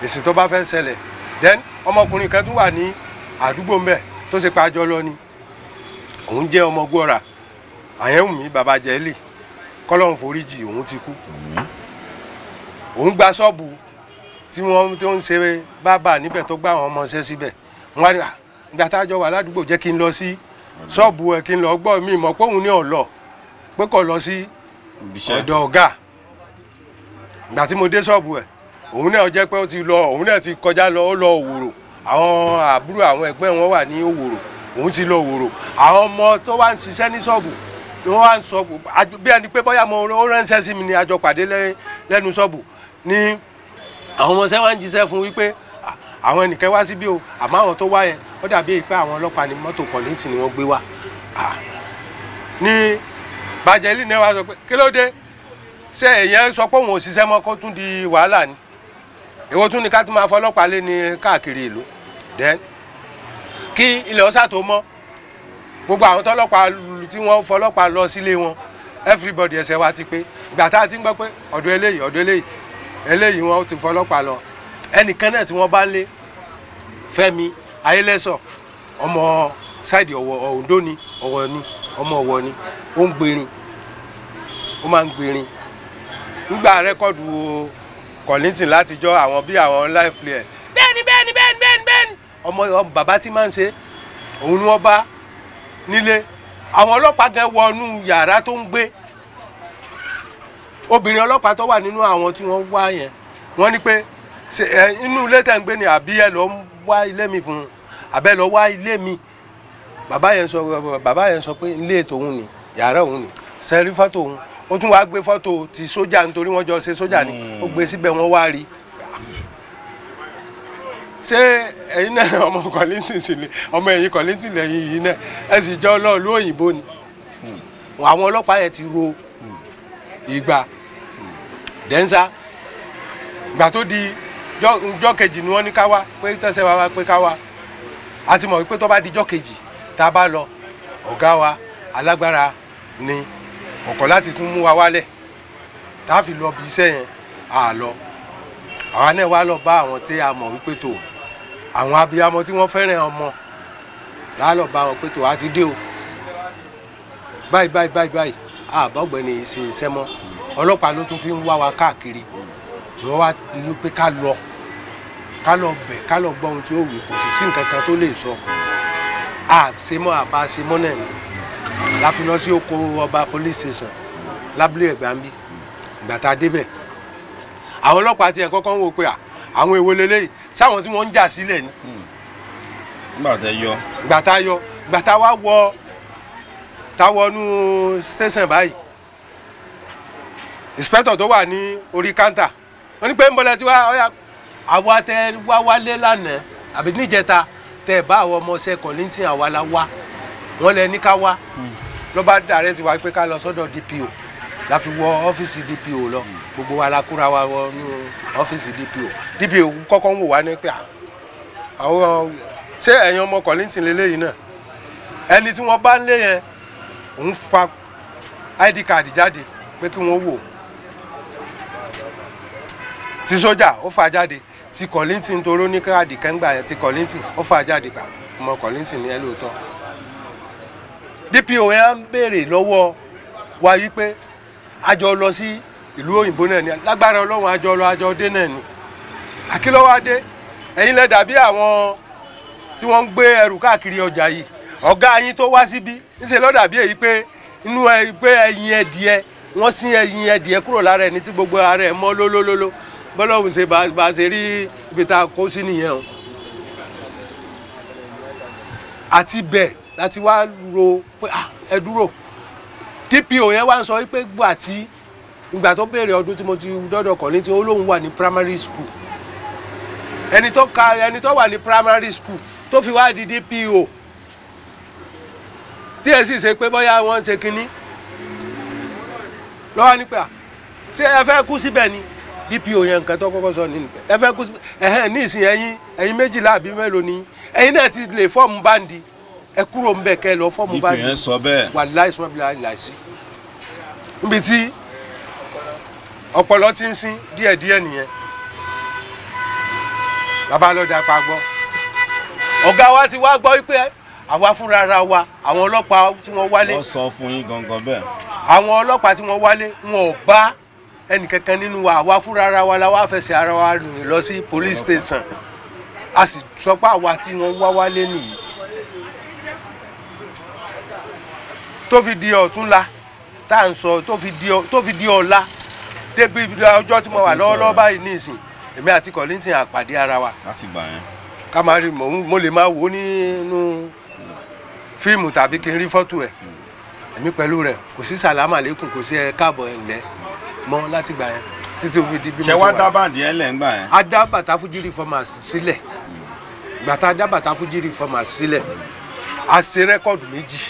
èsì tó bá fẹ́ ṣẹlẹ̀ then ọmọkùnrin kan tún wà ní àdúgbò mbẹ tó ṣe pa àjọ lọ ni òun jẹ́ ọmọ gbọ́ra àyẹ̀wò mi bàbá jẹ́lì kọ́lọ́hún foríjì òun ti kú òun gba ṣọ́ọ̀bù tí wọ́n tó ń ṣe bábà níbẹ̀ tó gbá àwọn ọmọ ṣẹ́ síbẹ̀ wọ́n á ní ìgbà tá ládùúgbò jẹ́ kí n lọ sí. Si ṣọ́ọ̀bù ẹ̀ kí n lọ gbọ́ mi mọ̀ pé òun ní ọ̀lọ́ pé kò lọ sí ọ̀dọ̀ ọ̀gá ìgbà tí mo dé ṣọ́ọ̀bù ẹ̀ òun náà jẹ́ pé ó ti lọ òun náà ti kọjá lọ ó lọ òwòrò àwọn àbúrò àwọn ẹ̀gbẹ́ wọn wà ní òwòrò òun ti lọ òwòrò àwọn ọmọ tó wá ń ṣiṣẹ́ ní ṣọ́ọ̀bù ni wọ́n wá ń sọ bí ẹni pé bóyá mo ó ránṣẹ́ sí mi ni àjọ lẹ́nu ṣọ́ọ̀bù ni àwọn ọmọ sẹ́wọ́n ń jíṣẹ́ fún wípé àwọn ẹnìkan wá síbí o àmọ́ àwọn tó wá yẹn ó dàbí pé àwọn ọlọ́pàá ní mọ́tò kọ̀lẹ́ǹtì ni wọ́n gbé wá ní bàjẹ́lì náà wá sọ pé kí ló dé ṣé èèyàn sọ pé òun ò ṣiṣẹ́ mọ́ kó tún di wàhálà ni èwo tún ni ká tún máa fọlọ́pàá lé ní káàkiri ìlú then kí ilẹ̀ ọ̀sà tó mọ́ gbogbo àwọn tọ́lọ́pàá tí wọ́n fọlọ́pàá lọ sílé wọn everybody ẹsẹ̀ wa ti pé ìgbà tá a ti ń gbọ́ pé ọ̀dọ̀ eléyìí ọ̀dọ̀ eléyìí eléyìí wọn ti fọlọ́pàá lọ ẹnìkan náà tí wọ́n bá lé Fẹ́mi Ayélẹ́sọ̀ ọmọ ṣáìdì ọ̀wọ̀ Oǹdó ni ọ̀wọ̀ ni ọmọ ọ̀wọ̀ ni ó ń gbèrin ó máa ń gbèrin nígbà rẹ́kọ̀dù kọ̀lìntìn látijọ́ àwọn bíi àwọn live player bẹ́ẹ̀ni bẹ́ẹ̀ni bẹ́ẹ̀ni bẹ́ẹ̀ni bẹ́ẹ̀ni ọmọ bàbá tí máa ń ṣe òun ni wọ́n bá nílé àwọn ọlọ́pàá gan wọnú yàrá tó ń gbé obìnrin ọlọ́pàá tó wà nínú àwọn tí wọ́n wá yẹn wọ́n ní pé ṣe ẹ inú ilé tẹ̀ ń gbé ni àbí ẹ lọ wá ilé mi fún un àbẹ́ lọ wá ilé mi bàbá yẹn sọ bàbá yẹn sọ pé ilé tòun ni yàrá òun ni sẹ́rí fọ́tò òun ó tún wáá gbé fọ́tò ti sójà nítorí wọ́n jọ ṣe sójà ni ó gbé síbẹ̀ wọ́n wá rí ṣé ẹ̀yin náà ọmọ kọ́lẹ́ntì sílẹ̀ ọmọ ẹ̀yin kọ́lẹ́ntì lẹ́yìn yìí náà ẹ sì jọ ọlọ́ọ̀lú òyìnbó ni àwọn ọlọ́pàá yẹn ti ro ìgbà dẹ́nsa ìgbà tó di jọ́ kejì ni wọ́n ní ká wá pé tẹ̀sẹ̀ wa wá pé ká wá a ti mọ̀ wípé tó bá di jọ́ kejì tá a bá lọ ọ̀gá wa alágbára ni ọ̀kọ̀ láti tún mú wa wálẹ̀ tá a fi lọ bí iṣẹ́ yẹn à lọ àwa náà wá lọ bá àwọn tí a mọ̀ wípé tó àwọn abiyamọ tí wọ́n fẹ́ràn ọmọ là á lọ bá wọn pé tó a ti dé o báyìí báyìí báyìí báyìí àbá ọ̀gbẹ́ni ṣe iṣẹ́ mọ́ ọlọ́pàá ló tún fi ń wá wa káàkiri ni wọ́n wá ní pé ká lọ ká lọ bẹ̀ ká lọ gbọ́ ohun tí ó wù kò sì sí nǹkan kan tó lè sọ àṣemọ́ àbáṣemọ́ náà ni la fi lọ sí oko ọba police station lábúlé ẹ̀gbá ń ìgbà tá a débẹ̀ àwọn ọlọ́pàá tiẹ̀ kọ́kọ́ ń wo pé àwọn èwo leléyìí sáwọn tí wọ́n ń jà sílẹ̀ ni. ìgbà hmm. tá a yọ. ìgbà tá a yọ ìgbà tá a wá wọ tá wọnú station báyìí inspector tó wà ní orí káńtà wọ́n ní pé ń bọ́lá tí wá ọ̀yà àwa tẹ wá wálé lánàá àbí níjẹta tẹ bá àwọn ọmọ ṣe kọ̀lìntìn àwa la wá wọn lẹ ní ká wá ló bá dàrẹ́ ti wá pé ká lọ sọ́dọ̀ DPO la fi wọ ọ́fíìsì DPO lọ gbogbo wa la kóra wa wọnú ọ́fíìsì DPO DPO kọ́kọ́ ń wò wá ní pé àwọn ṣé ẹ̀yin ọmọ kọ̀lìntìn lélẹ́yìn náà ẹni tí wọ́n bá ń lé yẹn òun fa id card jáde pé kí wọ́n wò tí sójà ó fa jáde ti kọ̀lìntì nítorí ní káàdì kẹ́ńgbà yẹn ti kọ̀lìntì ó fà jáde gbà ọmọ kọ̀lìntì ní ẹ dpo yẹn ń béèrè lọ́wọ́ wa yí pé àjọ lọ sí ìlú òyìnbó náà ni lágbára ọlọ́run àjọ lọ àjọ dé náà ni àkílọ́wọ́ adé ẹ̀yin lẹ dàbí àwọn tí wọ́n ń gbé ẹrù káàkiri ọjà yìí ọ̀gá yín tó wá síbí ńṣe lọ́dà bí èyí pé inú ẹ pé wọ́n sin ẹyin ẹdìẹ kúrò lára ẹni tí gbogbo ara ẹ mọ́ lólólóló bọ́lọ́hùn ṣe bá ṣe rí ibi tá a kó sí nìyẹn o àti bẹ́ẹ̀ láti wá ro pé ah, ẹ dúró DPO yẹn wá ń sọ pé gbà tí ìgbà tó béèrè ọdún tí mo ti dọ́dọ̀ kọ̀ ní tí ó wà ní primary school ẹni tó ka ẹni tó wà ní primary school tó fi wá di DPO tí ẹ sì ṣe pé bóyá wọ́n ń ṣe kínní lọ́wọ́ ní ah, ṣé ẹ fẹ́ kú síbẹ̀ ni DPO yẹn nǹkan tó kọ́kọ́ sọ nínú ẹ fẹ́ kú ẹhẹn ní ẹyin ẹyin méjìlá àbí mélòó ni ẹyin náà ti lè fọ́ọ̀mù báńdì ẹ kúrò ń bẹ̀ kẹ́ lọ fọ́ọ̀mù báńdì DPO yẹn sọ bẹ́ẹ̀ wà láìsí wọn bíi láìsí níbi tí ọpọlọ ti ń sin díẹ̀díẹ̀ nìyẹn bàbá lọ́dà pa gbọ́ ọ̀gá wa ti wá gbọ́ wípé àwa fúnra ara wa àwọn ọlọ́pàá tí wọ́n wálé. wọ́n sọ fún yín gangan bẹ́ẹ̀. àwọn ọlọ́pàá tí wọ́n wálé wọn ò bá ẹnìkankan nínú wa àwa fúnra ara wa la wá fẹsẹ̀ ara wa rìn lọ sí police station a sì sọ pé àwa tí wọ́n wá wálé nìyí tó fi di la tá à ń sọ tó fi di ọ̀la débi ọjọ́ tí mo wà lọ́wọ́lọ́wọ́ báyìí nísìn èmi àti Kollington àpàdé ara wa ká máa rí mo lè máa wò ó nínú fíìmù tàbí kí n rí fọ́tò ẹ̀ hmm. èmi pẹ̀lú rẹ̀ kò sí sàlámà lẹ́kùn kò sí ẹ káàbọ̀ ẹ̀ lẹ́ẹ̀ mọ́ láti gbà yẹn títí ó fi di bí mo ṣe wà. ṣé wàá dá bàǹdì yẹn lẹ̀ ń gbà yẹn. a dá bàtà fújì reformers sílẹ̀ gbàtà dá bàtà fújì reformers sílẹ̀ a ṣe rẹ́kọ̀dù méjì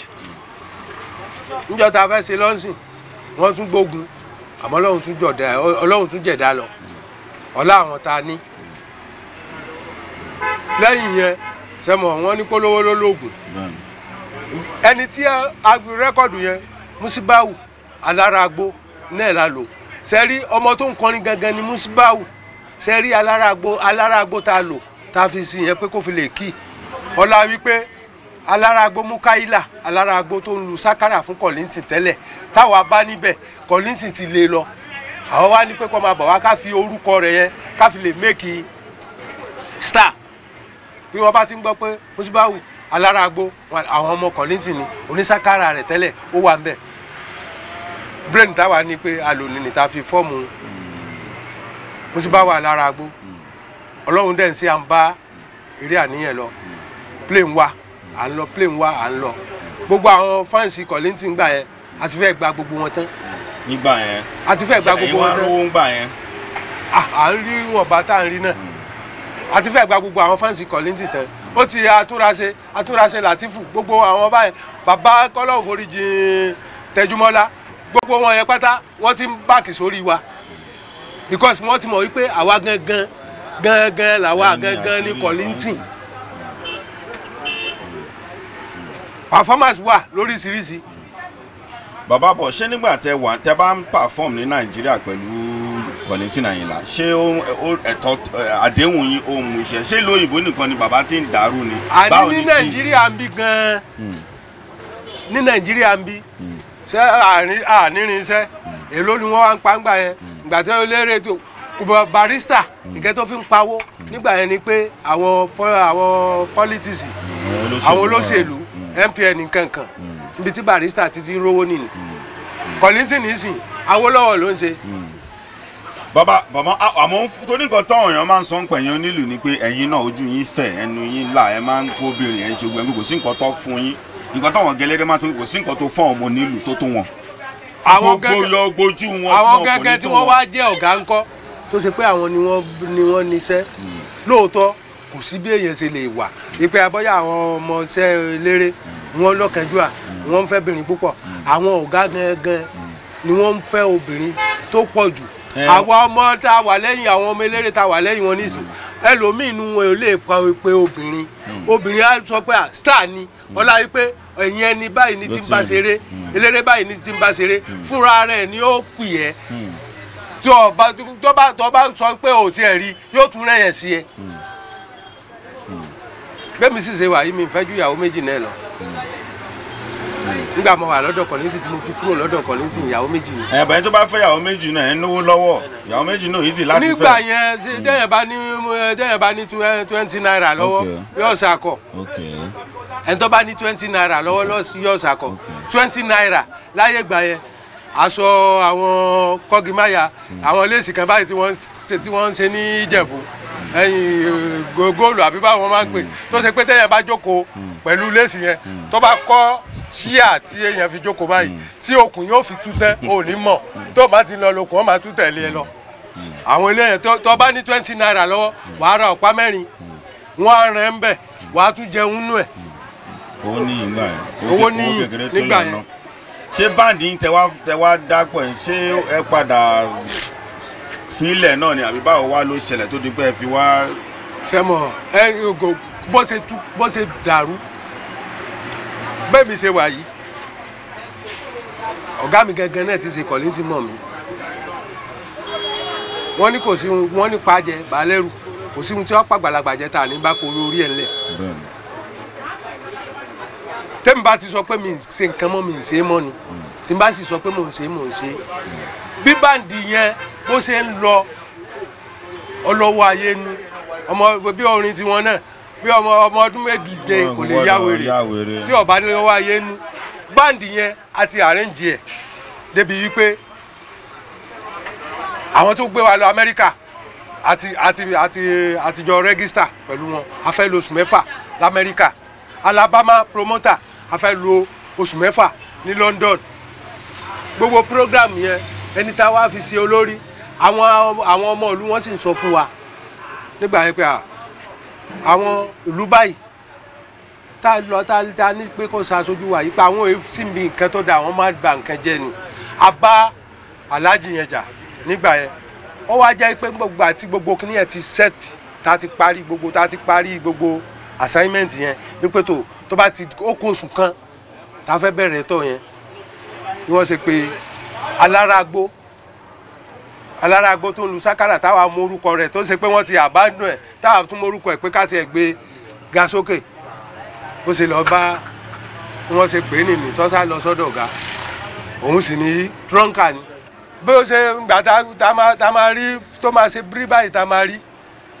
níjọ́ tá a fẹ́ ṣe lọ́sìn wọ́n tún gbógun àmọ́ ọlọ́run tún jọ̀dá ọlọ́run tún jẹ̀dá lọ ọlá àwọn tá a ní lẹ́yìn yẹn sẹ́mọ̀ wọ́n ní kólówó lólógùn ẹni tí a gbé rẹ́kọ̀dù yẹn Musibau alára náà la lò. sẹ́rí ọmọ tó ń kọrin gangan ni Musbau sẹ́rí aláràgbo ta lò si fi sí yẹn pé kó fi lè kí ọlá wípé aláràgbo Mukaila aláràgbo tó ń lu sákàrà fún Kollington tẹ́lẹ̀ táwa bá níbẹ̀ ti lè lọ àwọn wá ní pé máa bọ̀ wá fi orúkọ rẹ̀ yẹn ká fi star bí wọ́n ti ń gbọ́ pé Musbau ọmọ ni onísákàrà rẹ̀ tẹ́lẹ̀ ó wà ń bẹ̀ brain táwa ní pé alòní ni ta fi fọ́ọ̀mù mo ti bá wà lára agbó ọlọ́run dẹ̀ ń ṣe à ń bá eré àníyàn lọ plane wa à ń lọ plane wa à ń lọ gbogbo àwọn fáǹsì kọ̀lẹ́ntì ń gbà yẹn a ti fẹ́ gba gbogbo wọn tán. nígbà yẹn a ti fẹ́ gba gbogbo wọn tán ṣàyẹ̀wò arówó ń gbà yẹn. à ń rí wọ̀nba tá à ń rí náà a ti fẹ́ gba gbogbo àwọn fáǹsì kọ̀lẹ́ntì tán ó ti atúnraṣe atúnraṣe làtífù gbogbo àwọn báyẹn bàbá kọ́lọ́ òforíjì tẹjúmọ́lá gbogbo wọn yẹn pátá wọ́n ti ń báàkì sórí wa because wọ́n ti mọ̀ wípé àwa gangan gangan làwa gangan ní Kollington performance wà lóríṣiríṣi. bàbá bọ̀ ṣé nígbà tẹ wà tẹ bá ń perform ní nàìjíríà pẹ̀lú Kollington Àyìnlá ṣé ẹ̀tọ́ àdéhùn yín ó mú ṣé lóyìnbó nìkan ni bàbá ti ń dàrú ni. àní hmm. ní nàìjíríà ń bí gan-an ní nàìjíríà ń bí. Mm ṣé ànírin iṣẹ́ èló ni wọ́n wá ń pa ńgbà yẹn ìgbà tí ó lérè tó barista ìkẹ́ tó fi ń pawó nígbà yẹn ni pé àwọn àwọn pọ́lítíìsì àwọn olóṣèlú MPN kankan ibi tí barista ti ti rówó nìyí Kollington nìsín Awólọ́wọ̀ ló ń ṣe. bàbá bàbá àmọ́ torí nǹkan táwọn èèyàn máa ń sọ ń pè yín nílùú ni pé ẹ̀yin náà ojú yín fẹ̀ ẹnu yín là ẹ máa ń kó obìnrin ẹ̀ ń ṣe gbẹ̀mí kò sí nǹkan tó fún yín nǹkan táwọn gẹlẹ́dẹ́ máa ń torí kò sí nǹkan tó fọ́ ọmọ nílùú tó tó wọn. àwọn gẹ́gẹ́ àwọn gẹ́gẹ́ tí wọ́n wá jẹ́ ọ̀gá ńkọ́ tó ṣe pé àwọn ni wọ́n ni wọ́n níṣẹ́ hmm. lóòótọ́ kò sí bí èèyàn ṣe lè wà ìpè abọ́yá àwọn ọmọọṣẹ́ eléré hmm. wọn lọ́kànjúà hmm. wọn ń fẹ́ obìnrin púpọ̀ àwọn ọ̀gá gangan ni wọ́n ń fẹ́ obìnrin tó pọ̀ jù eh. àwa ọmọ tá a wà lẹ́yìn àwọn ọmọ eléré tá a wà lẹ́yìn wọn nísìn ẹlòmíín nu wọn ò lè pa pé obìnrin obìnrin á sọ pé ah, star ni ọlá yìí pé ẹ̀yin ẹni báyìí ní hmm. ti ń bá ṣeré eléré báyìí ní ti ń bá ṣeré fúnra rẹ̀ ni ó pì ẹ́ hmm. tó bá tó bá sọ pé ò tiẹ̀ rí yóò tún rẹ̀ yẹn sí ẹ hmm. bẹ́ẹ̀ mi sì ṣe wà yìí mi fẹ́ ju ìyàwó méjì náà lọ nígbà mo wà lọ́dọ̀ kọ̀lẹ́ntì tí mo fi kúrò lọ́dọ̀ kọ̀lẹ́ntì ìyàwó méjì ni. ẹ bẹ́ẹ̀ tó bá fẹ́ ìyàwó méjì náà ẹ náwó lọ́wọ́ ìyàwó méjì náà easy láti fẹ́. nígbà yẹn mm. tẹ́yẹ̀ bá ní tẹ́yẹ̀ bá ní twenty naira lọ́wọ́ yóò ṣàkọ ẹni tó bá ní twenty naira lọ́wọ́ yóò ṣàkọ twenty naira láyé gbà yẹn aṣọ àwọn kọ́gímáyà mm. àwọn léèsì kan báyìí tí wọ́n ń ṣe ní Ìjẹ̀bú Eh, góòlù àbí báwọn máa ń pè hmm. tó ṣe pé téèyàn bá jókòó hmm. pẹ̀lú léèsì yẹn hmm. tó bá kọ́ ṣíà tí èèyàn fi jókòó báyìí tí okùn yóò fi tú tẹ́ ò ní mọ̀ tó bá ti lọ lókun ọ̀ máa tú tẹ̀lé ẹ lọ. àwọn eléyàn tó bá ní twenty naira lọ́wọ́ wàá ra ọ̀pá mẹ́rin wọ́n á rẹ̀ ń bẹ̀ wàá tún jẹun nú ẹ̀. owó ní ìgbà yẹn owó ní nígbà yẹn. ṣé báńdì tẹ wá ṣé ẹ padà fílẹ̀ náà ni àbí báwo wá ló ṣẹlẹ̀ tó di pé ẹ fi wá. sẹ́mọ̀ ẹ ògò bó ṣe tú bó ṣe dàrú bẹ́ẹ̀ mi ṣe wà yìí ọ̀gá mi gangan náà ti ṣe kọ̀lí ti mọ̀ mi wọ́n ní kò sí wọ́n ní pàjẹ́ bàálẹ́rù kò sí ohun tí wọ́n pàgbàlagbà jẹ́ ta ní bá porí orí ẹ̀ ńlẹ̀ tẹ́mi bá ti sọ pé mi ṣe nǹkan mọ́ mi ṣe é mọ́ ni hmm. tí n bá sì sọ pé mò ń ṣe é mò ń ṣe é. Hmm bí báǹdì yẹn bó ṣe ń lọ ọlọ́wọ́ ayé nu ọmọ bí orin tiwọn náà bí ọmọ ọmọ ọdún méje kò lè yá wèrè tí ọba ní ọwọ́ ayé nu báǹdì yẹn àti àrẹ́ǹjì ẹ̀ débi wípé àwọn tó gbé wa lọ Amẹ́ríkà àti àti àti àtijọ́ rẹ́gísítà pẹ̀lú wọn a fẹ́ lo oṣù mẹ́fà l'Amẹ́ríkà Alabama promoter a fẹ́ lo oṣù mẹ́fà ní London gbogbo program yẹn ẹni tá a wá fi ṣe olórí àwọn àwọn ọmọ ìlú wọn sì ń sọ fún wa nígbà yẹn pé àwọn ìlú báyìí tá a lọ tá a ní pé kó ṣàṣojú wa yìí pé àwọn èsì mi nǹkan tó da àwọn máa gba nǹkan jẹ ni a bá aláàjì yẹn jà nígbà yẹn ó wá jẹ́ pé gbogbo àti gbogbo kíní yẹn ti set tá a ti parí gbogbo tá a ti parí gbogbo assignment yẹn wípé tó tó bá ti ó kó oṣù kan tá a fẹ́ bẹ̀rẹ̀ tọ̀ yẹn ni wọ́n ṣe pé alárágbó alárágbó tó ń lu sákàrà táwa mú orúkọ rẹ̀ tó ń ṣe pé wọ́n ti àbádùn ẹ̀ táwa tún mú orúkọ ẹ̀ pé ká tiẹ̀ gbé ga sókè ó ṣe lọ bá wọ́n ṣe pè é nìyí sọ́sá lọ sọ́dọ̀ ọ̀gá òun sì ní trọ́ǹkà ni bí ó ṣe gbà tá máa rí tó máa ṣe bírí báyìí tá máa rí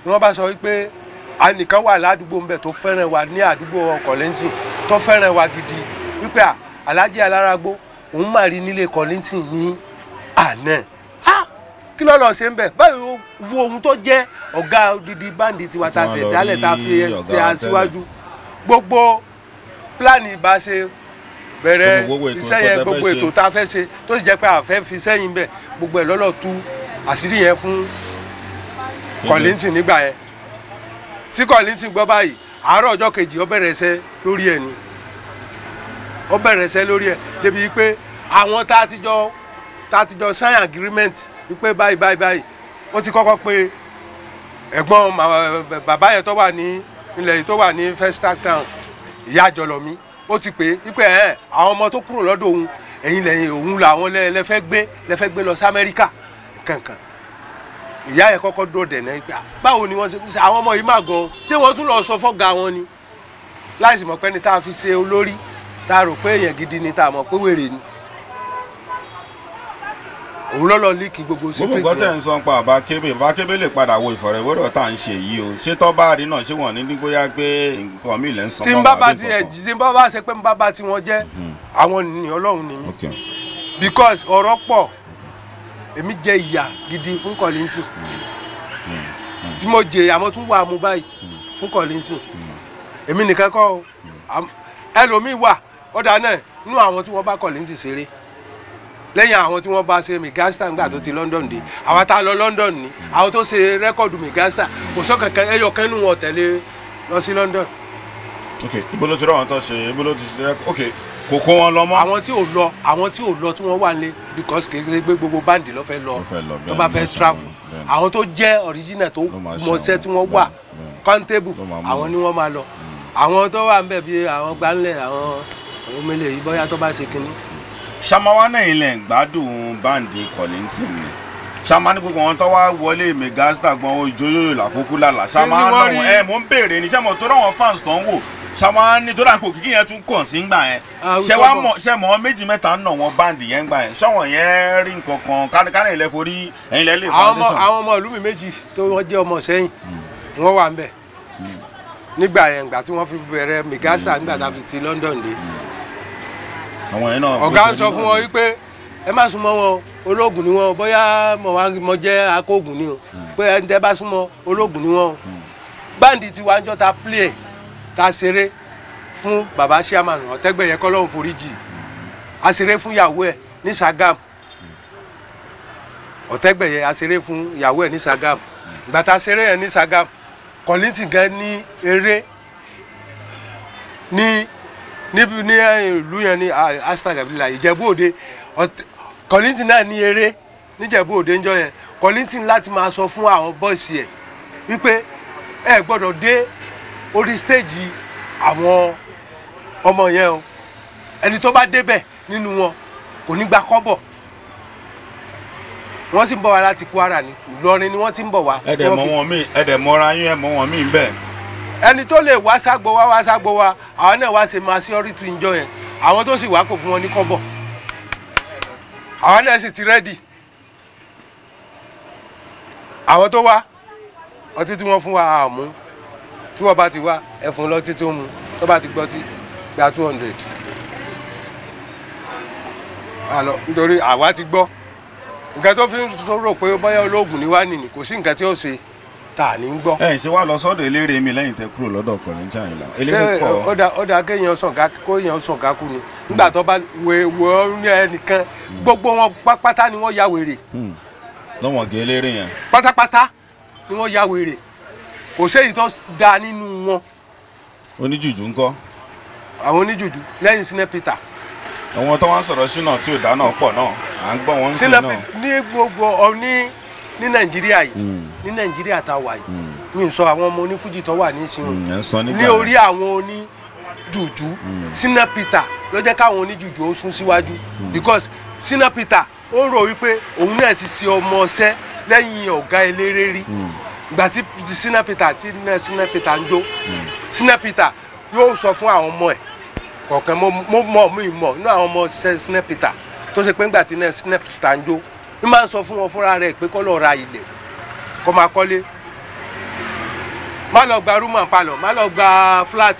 ni bá sọ wípé anìkan wà ládùúgbò ńbẹ tó fẹ́ràn wa ní àdúgbò ọkọ̀ lẹ́ńtì tó fẹ́ràn wa gidi wípé alájẹ́ alárágbó òun máa rí nílé kọ́lìntì ní àná kí ló lọ ṣe ń bẹ báyìí wo ohun tó jẹ́ ọ̀gá odidi báńdì tiwa ta ṣe dálẹ̀ ta fi ṣe aṣíwájú gbogbo pílánì ìbáṣe bẹ̀rẹ̀ iṣẹ́ yẹn gbogbo ètò tá a fẹ́ ṣe tó sì jẹ́ pé a fẹ́ fi sẹ́yìn bẹ̀ gbogbo ẹ̀ lọ́lọ́ tú àṣírí yẹn fún kọ́lìntì nígbà yẹn tí kọ́lìntì gbọ́ báyìí àárọ̀ ọjọ́ kejì ó bẹ̀rẹ̀ iṣẹ́ lórí ẹ̀ ni ó bẹ̀rẹ̀ iṣẹ́ lórí ẹ̀ débi pé àwọn tá a ti jọ tá a ti jọ sign agreement wípé báyìí báyìí báyìí ó ti kọ́kọ́ pé ẹ̀gbọ́n bàbá yẹn tó wà ní ilẹ̀ yìí tó wà ní Festac Town ìyá àjọlọ́mí ó ti pè é wípé ẹ̀ àwọn ọmọ tó kúrò lọ́dọ̀ òun ẹ̀yin lẹ́yìn òun làwọn lẹ́fẹ́ gbé lẹ́fẹ́ gbé lọ sí Amẹ́ríkà kankan ìyá yẹn kọ́kọ́ dọ̀dẹ̀ náà gbà báwo ni wọ́n ṣe àwọn ọmọ yìí má gan ṣé wọ́n tún lọ sọ fọ́gà wọn ni láìsí mọ̀ pé ní tá a fi ṣe olórí tá rò pé èèyàn gidi ni tá mọ̀ pé wèrè ni òun lọ́lọ́ líìkì gbogbo secret rẹ̀. gbogbo tẹ̀ ń sọ pa bàbá kébé lè padà wo ìfọ̀rọ̀wérọ̀ tá à ń ṣe yìí o ṣé tọ́ bá rí náà ṣé wọ́n ní ní bóyá pé nǹkan mi lẹ́ ń sọ. tí n bá bá tí n bá bá ṣe pé n bá bá tiwọn jẹ́ mhm. àwọn ènìyàn ọlọ́run ni mí because ọ̀rọ̀ pọ̀ èmi jẹ ìyà gidi fún kọ́lìntì mhm. mhm. tí mo jẹ àmọ́ tún wà mú báyìí fún kọ́lìntì èmi nìkan kọ́ ẹlòmíì wà ọ̀dà náà nú àwọn tí wọ́n bá kọ̀ lẹ́yìn ṣeré lẹ́yìn àwọn tí wọ́n bá ṣe megastar ńgbà tó ti London dé àwa tá a lọ London ni àwọn tó ṣe rẹ́kọ̀dù megastar kò sọ kankan ẹyọ kan wọn tẹ̀lé lọ sí London. ok ibo ló ti rọ àwọn tó ṣe ibo ló ti ṣe rẹ́kọ̀dù ok kò kó wọn lọ mọ. àwọn tí ò lọ àwọn tí ò lọ tí wọ́n wà nílé because kékeré gbé gbogbo báǹdì lọ fẹ́ lọ tó bá fẹ́ travel àwọn tó jẹ́ original tó mọṣẹ́ tí wọ́n wà countable àwọn ni wọ́n máa lọ àwọn tó wà ń bẹ̀ bí àwọn gbanlẹ̀ àwọn òun mi lè yí bóyá tó bá ṣe kinní. ṣàmáwá náà ilẹ̀ ń gbádùn báǹdì kọ̀lẹ́ntì ni ṣàmá ní gbogbo wọn tó wá wọlé mẹgàsítà gbọ́n ojúlóyò làkókò lálà ṣàmá náà ẹ mò ń béèrè ní sẹ́mo tó ráwọn fans tó ń wò ṣàmá ní tó dàpọ̀ kíkì yẹn tún kàn sí gbà yẹn ṣẹ wá mọ ṣẹ mọ méjì mẹ́ta ń nà wọn báǹdì yẹn gbà yẹn ṣọ̀wọ̀n yẹn rí nǹkan kan kárẹ̀ ilẹ̀ forí ẹ̀yin lẹ́lẹ̀ foundation. àwọn ọmọ ìlú mi méjì tó wọ́n jẹ́ ọmọ àwọn yẹn náà. ọ̀gá sọ fún wọn wípé ẹ má súnmọ́ wọn ológun ni wọn bóyá mo jẹ́ akógun ni o hmm. pé ẹni tẹ́ bá súnmọ́ ológun ni wọn hmm. báńdì tí wàá ń jọ ta play ta ṣeré fún baba chairman ọ̀tẹ́gbẹ̀yẹ kọ́lọ́hún foríjì a ṣeré fún ìyàwó ẹ̀ ní Sagam hmm. ọ̀tẹ́gbẹ̀yẹ a ṣeré fún ìyàwó ẹ̀ ní Sagam gbàtà ṣeré ẹ̀ ní Sagam kọ́lìntì gan ní eré ní níbi ní eh, ìlú yẹn ní Hashtag ah, Abdullahi Ìjẹ̀bú Òde Kollington náà ní eré níjẹ̀bú Òde ńjọ́ yẹn Kollington láti máa sọ fún àwọn bọ́ọ̀sì ẹ̀ wípé ẹ gbọ́dọ̀ dé orí stéèjì àwọn ọmọ yẹn o ẹni tó bá débẹ̀ nínú wọn kò ní gba kọ́bọ̀ wọ́n sì ń bọ̀ wá láti Kwara ní Ìlọrin ni wọ́n ti ń bọ̀ wá. ẹ̀dẹ̀ mọ́ wọn mí ẹ̀dẹ̀ mọ́ra yín ẹ̀ mọ́ wọn mí bẹ́ẹ̀ ẹni tó lè wá ságbo wá wá ságbo wá àwọn náà wá ṣe máa ṣe ọrí tu ìjọ yẹn àwọn tó sì wá kò fún wọn ní kọ́bọ̀ àwọn náà sì ti rẹ́dì àwọn tó wá ọtí tí wọ́n fún wa àmú tí wọ́n bá ti wá ẹ̀fún lọ́tí tó mu tó bá ti gbọ́ tí gba two hundred àlọ́ nítorí àwa ti gbọ́ nǹkan tó fi ń rò pé bóyá olóògùn ni wá nìyí kò sí nǹkan tí ó ṣe ta ní gbọ́. ẹ ṣe wá lọ sọ́dọ̀ eléré mi lẹ́yìn tẹ kúrò lọ́dọ̀ kọrìntì àyìnlá eléré pọ̀. ṣé ọ̀dà ọ̀dà kéèyàn sàn ká kéèyàn sàn ká kú ni nígbà tó bá wọ ẹnìkan gbogbo wọn pátá ni wọ́n ya wèrè. Hmm. lọ́wọ́n gé eléré yẹn. pátápátá ni wọ́n ya wèrè kò séyìí tó da nínú wọn. oníjùjú ńkọ́. àwọn oníjùjú lẹ́yìn sinapita àwọn tó wá ń sọ̀rọ̀ sínú tí ò dáná pọ̀ náà à ń gbọ́ wọn sí náà. ní gbogbo ọ ní ní nàìjíríà yìí hmm. ní nàìjíríà tá a wà yìí hmm. mi sọ àwọn ọmọ onífújì tó wà nísìnyí hmm, ní orí àwọn oní jùjú Shina Peter ló jẹ́ káwọn oníjùjú ó sún síwájú because Shina Peter ó rò wípé òun náà ti ṣe ọmọ ọṣẹ́ lẹ́yìn ọ̀gá eléré rí ìgbà tí Shina Peter tí Shina Peter ń jó Shina Peter yóò sọ fún àwọn ọmọ ẹ̀ kọ̀ọ̀kan mo mọ̀ mi mọ̀ nínú àwọn ọmọ Shina Peter tó ṣe pé ńgbà tí Shina Peter ń jó n máa ń sọ fún wọn fúnra rẹ̀ pé kọ́ lọ́ọ́ ra ilẹ̀ kọ́ máa kọ́lé má lọ gba rúmọ̀ àpalọ̀ má lọ gba flat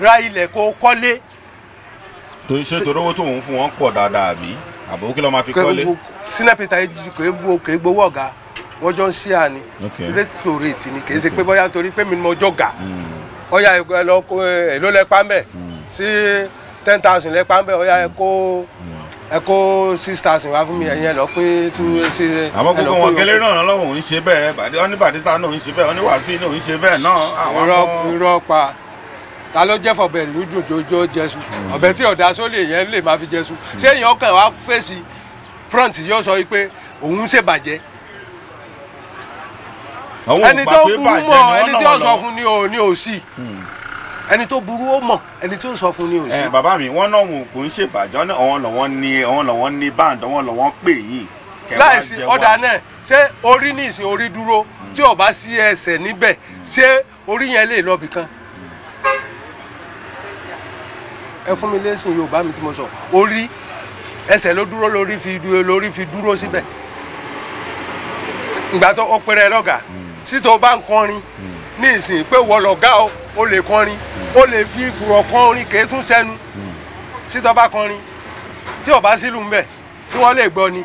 ra ilẹ̀ kó kọ́lé. tó ṣe torí owó tó ń fún wọn pọ̀ dáadáa àbí àbò kí ló máa fi kọ́lé. sinapita yìí kò é bu kò é gbowó ọ̀gá wọ́n jọ ń ṣí à ní rate ni kì ṣe pé bóyá nítorí pé mi ni mo jọ̀gà ọ̀yà hmm. ẹ̀ ló lẹ́pàá ń hmm. sí ten thousand lẹ́pàá ń bẹ̀ ọ̀yà ẹ̀ kó. Hmm ẹ kó six thousand wá fún mi ẹ̀yin lọ pé tú ṣe. àmọ́ gbogbo wọn gẹ́lẹ́ náà lọ́wọ́ òun ṣe bẹ́ẹ̀ bàdé wọn ní Barrister náà òun ṣe bẹ́ẹ̀ wọn ní Wàsíù náà òun ṣe bẹ́ẹ̀ náà. irọ́ irọ́ pa ta ló jẹ́ fọ̀bẹ̀ ìlú jòjòjò jésù hmm. ọ̀bẹ tí ọ̀dà sólè yẹn lè máa fi jésù ṣé èèyàn kàn wá fèsì front yóò sọ pé òun ṣèbàjẹ́ ẹni tó burú mọ́ ẹni tí ó sọ fún ni ò ní òsì. Hmm ẹni tó burú ó mọ̀ ẹni tó sọ fún ni ò sí. ẹ bàbá mi wọn náà wọn kò ń ṣèbàjẹ́ ọ̀hún lọ́wọ́ ní ọ̀hún lọ́wọ́ ní band ọ̀hún lọ́wọ́ pè yìí. láìsí ọ̀dà náà ṣé orí ní ìsìn orí dúró mm. tí ò bá sí ẹsẹ̀ níbẹ̀ ṣé orí yẹn lè lọ bìkan. ẹ fún mi lẹ́sìn Yorùbá mi tí mo sọ orí ẹsẹ̀ ló dúró lórí fi dúró lórí fi dúró síbẹ̀ ìgbà tó ọpẹrẹ lọ́gàá sí mm. tó bá ń kọrin. Mm ní ìsìn pé wọ́n lọ gá o ó lè kọrin ó lè fi ìfùrọ̀ kan orin kèé tún sẹ́nu sítọ́ bá kọrin tí ó bá sílùú ń bẹ̀ tí wọ́n lè gbọ́ ni.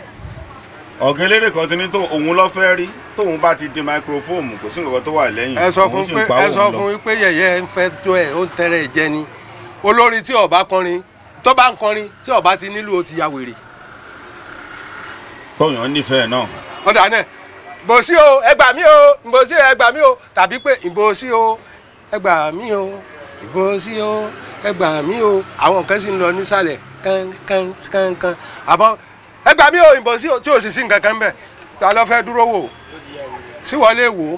ọ̀gá eléré kan ti ní tó òun lọ fẹ́ rí tóun bá ti di máikrófóòmù kò sí nǹkan tó wà lẹ́yìn òun sì ń pa òun lọ. ẹ sọ fún mi pé yẹ̀yẹ́ ń fẹ́ tó ẹ̀ ó ń tẹ́rẹ̀ jẹ ni olórin tí ó kọrin tó bá ń kọrin tí ó ti nílùú ó ti ya wèrè. tóyàn nífẹ̀ẹ́ náà. ọ̀dà náà ìbòsí o ẹ gbà mí o ìbòsí ẹ gbà mí o tàbí pé ìbòsí o ẹ gbà mí o ìbòsí o ẹ gbà mí o àwọn nǹkan sì ń lọ nísàlẹ̀ kankankankan àbọ̀ ẹ gbà mí o ìbòsí o tí o sì sí nǹkan kan bẹ̀ ta ló fẹ́ dúró wò síwọ́ lè wò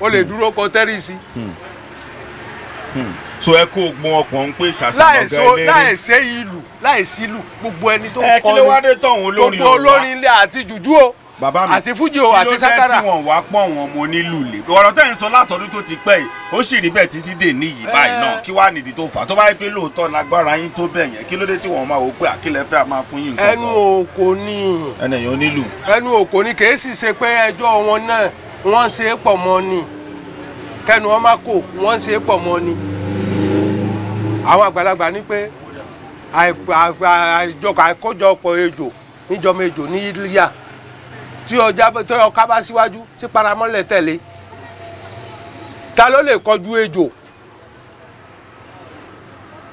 ó lè dúró kó tẹ́rì sí. Hmm. Hmm. so ẹ kó gbọ́n ọkàn ń pè ṣàṣàmọ̀gá eléré láìsí ìlú láìsí ìlú gbogbo ẹni tó kọ́ ni gbogbo olórin ilé àti jùjú o bàbá mi àti fújì o àti sakara kí ló dé tí wọn wá pọ̀ wọn mo nílùú lè ọ̀rọ̀ tẹ́ ń sọ látọdún tó ti pẹ́ yìí ó sì rí bẹ́ẹ̀ títí dè níyì báyìí náà eh. kí wàá nìdí tó fà tó bá yẹ pé lóòótọ́ lágbára yín tó bẹ̀ yẹn kí ló dé tí wọn máa wò pé àkílẹ̀ fẹ́ máa fún yín nǹkan. ẹnu òkò ni ẹnìyàn onílù. ẹnu òkò ni kìí sì ṣe pé ẹjọ́ wọn náà wọ́n ṣe é pọ̀ mọ́ ni kẹnu wọn má kò wọ́n ṣe é pọ̀ mọ́ ni. àwọn àgbàlagbà ní pé àìkójọpọ̀ ejò níjọmọ ejò ní yíyá tí ọjà tó ọká bá síwájú tí paramọ́lẹ̀ tẹ̀lé ta ló lè kọjú ejò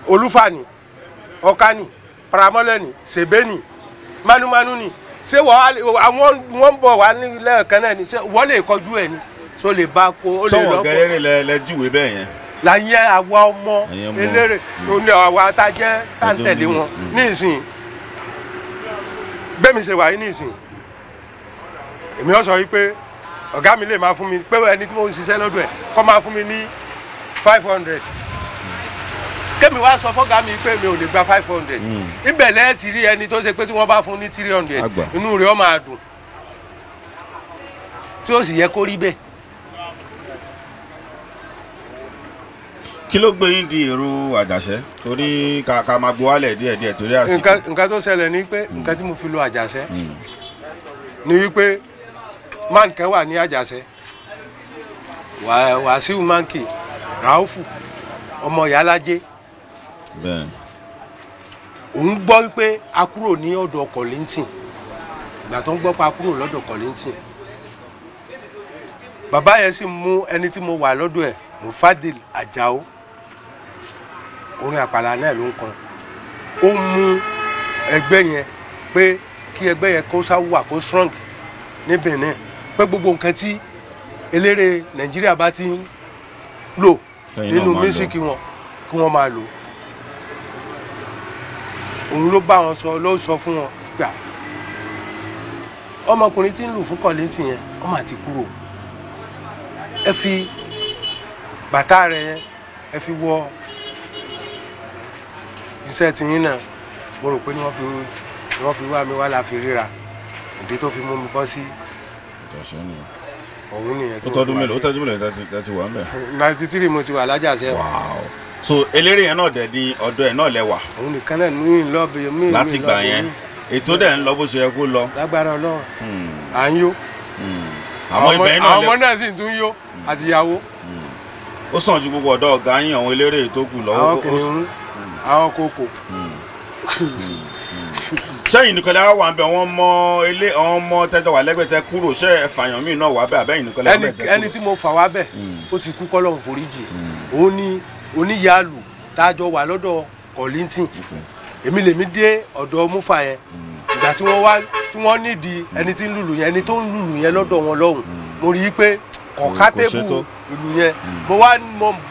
olúfàní ọkání paramọ́lẹ̀ ní sèbéni mánúmánú ni ṣé àwọn wọn ń bọ̀ wá lẹ́ẹ̀kan náà ni ṣé wọ́n lè kọjú ẹ̀ ni tó lè bá kó ó lè lọ́kọ̀. sọ̀wọ́n gẹ́rẹ́ lẹ lẹ júwèé bẹ́ẹ̀ yẹn. láyé àwa ọmọ eléré mm. ní àwa tá a jẹ́ tá a ń tẹ̀lé wọn mm. ní ìsìn bẹ́ẹ̀ mi ṣe wà yìí ní ìsìn èmi ọ̀ sọ wípé ọ̀gá mi lè máa fún mi pé ẹni tí mo ń ṣiṣẹ́ lọ́dọ̀ ẹ̀ kọ́ máa fún mi ní five hundred kémi wá sọ fọ́gá mi pé mi ò lè gba five hundred ibẹ̀ hmm. lẹ́ẹ̀ ti rí ẹni tó ṣe pé tí wọ́n bá fún ní three hundred inú rẹ̀ ó máa dùn tí ó sì yẹ kó rí bẹ́ẹ̀. kí ló gbé yín di èrò àjàṣẹ́ torí ká ká máa gbó wálẹ̀ díẹ̀díẹ̀ torí àsìkò. nǹkan tó ṣẹlẹ̀ ni pé hmm. nǹkan tí mo fi lo àjàṣẹ́ hmm. ni wípé man kan wà ní àjàṣe wàásíù mankì ràófù ọmọ yàlájẹ òun gbọ́ wípé a kúrò ní ọ̀dọ̀ kọ̀lẹ́ntìn ìgbà tó ń gbọ́ pa kúrò lọ́dọ̀ kọ̀lẹ́ntìn bàbá yẹn sì mú ẹni tí mo wà lọ́dọ̀ ẹ̀ mufadil ajao orin àpàlà náà ló ń kan ó mú ẹgbẹ́ yẹn pé kí ẹgbẹ́ yẹn kó sáwùwà kó strong ní benin pé gbogbo nǹkan tí eléré nàìjíríà bá ti ń lò nínú mísíkì wọn kí wọ́n máa lò òun ló bá wọn sọ ló sọ fún wọn gbà ọmọkùnrin tí ń lù fún kọ̀lẹ́ntì yẹn ọmọ àti kúrò ẹ fi bàtà rẹ yẹn ẹ fi wọ iṣẹ́ tiyín náà mo rò pé ni wọ́n fi wá mi wá la fi ríra ìdí tó fi mú mi bọ́ sí. Si ẹ̀ṣẹ̀ ni òun nìyẹn tí mo fi wà. ó tọ́jú mélòó ó tọ́jú mélòó yẹn wà ń bẹ̀. ninety mo ti wà lájà sẹ́wọ̀n. wow so eléré yẹn náà dẹ̀ ni ọ̀dọ́ yẹn náà lẹ́wà. òun nìkan náà ní ìlọ́ọ̀bì mi. láti gbà yẹn ètò dẹ̀ ń lọ bó ṣe yẹ kó lọ. lágbára Ọlọ́run hmm. à ń yó. Hmm. àmọ́ ibẹ̀ náà lẹ. àwọn ọmọ náà sì tún yó hmm. àtìyàwó. ó sàn ju gbogbo ọ̀dọ́ ọ̀gá yín àwọn eléré tó kù lọ́wọ́. àwọn kìnìún àwọn kòkò sẹ́yìn nìkan lẹ́wọ́ wà ń bẹ̀ wọ́n mọ ilé àwọn ọmọ tẹ́jọ́ wà lẹ́gbẹ̀ẹ́ tẹ kúrò ṣé ẹ̀fàyàn míì náà wà bẹ́ẹ̀ abẹ́yìn nìkan lẹ́wọ́ bẹ́ẹ̀ ẹni tí mo fà wá bẹ́ẹ̀ hmm. ó ti kú kọ́lọ́ foríjì hmm. òun ni oníyàlù tájọ wà lọ́dọ̀ kọ̀lìntìn hmm. èmi lèmi dé ọ̀dọ̀ mufa yẹn ìgbà tí wọ́n wá tí wọ́n nídìí ẹni tí ń lùlù yẹn ẹni tó ń lùlù yẹn lọ́dọ̀ wọn lọ́hùn mo rí i pé kọ̀kátébù ìlú yẹn mo wá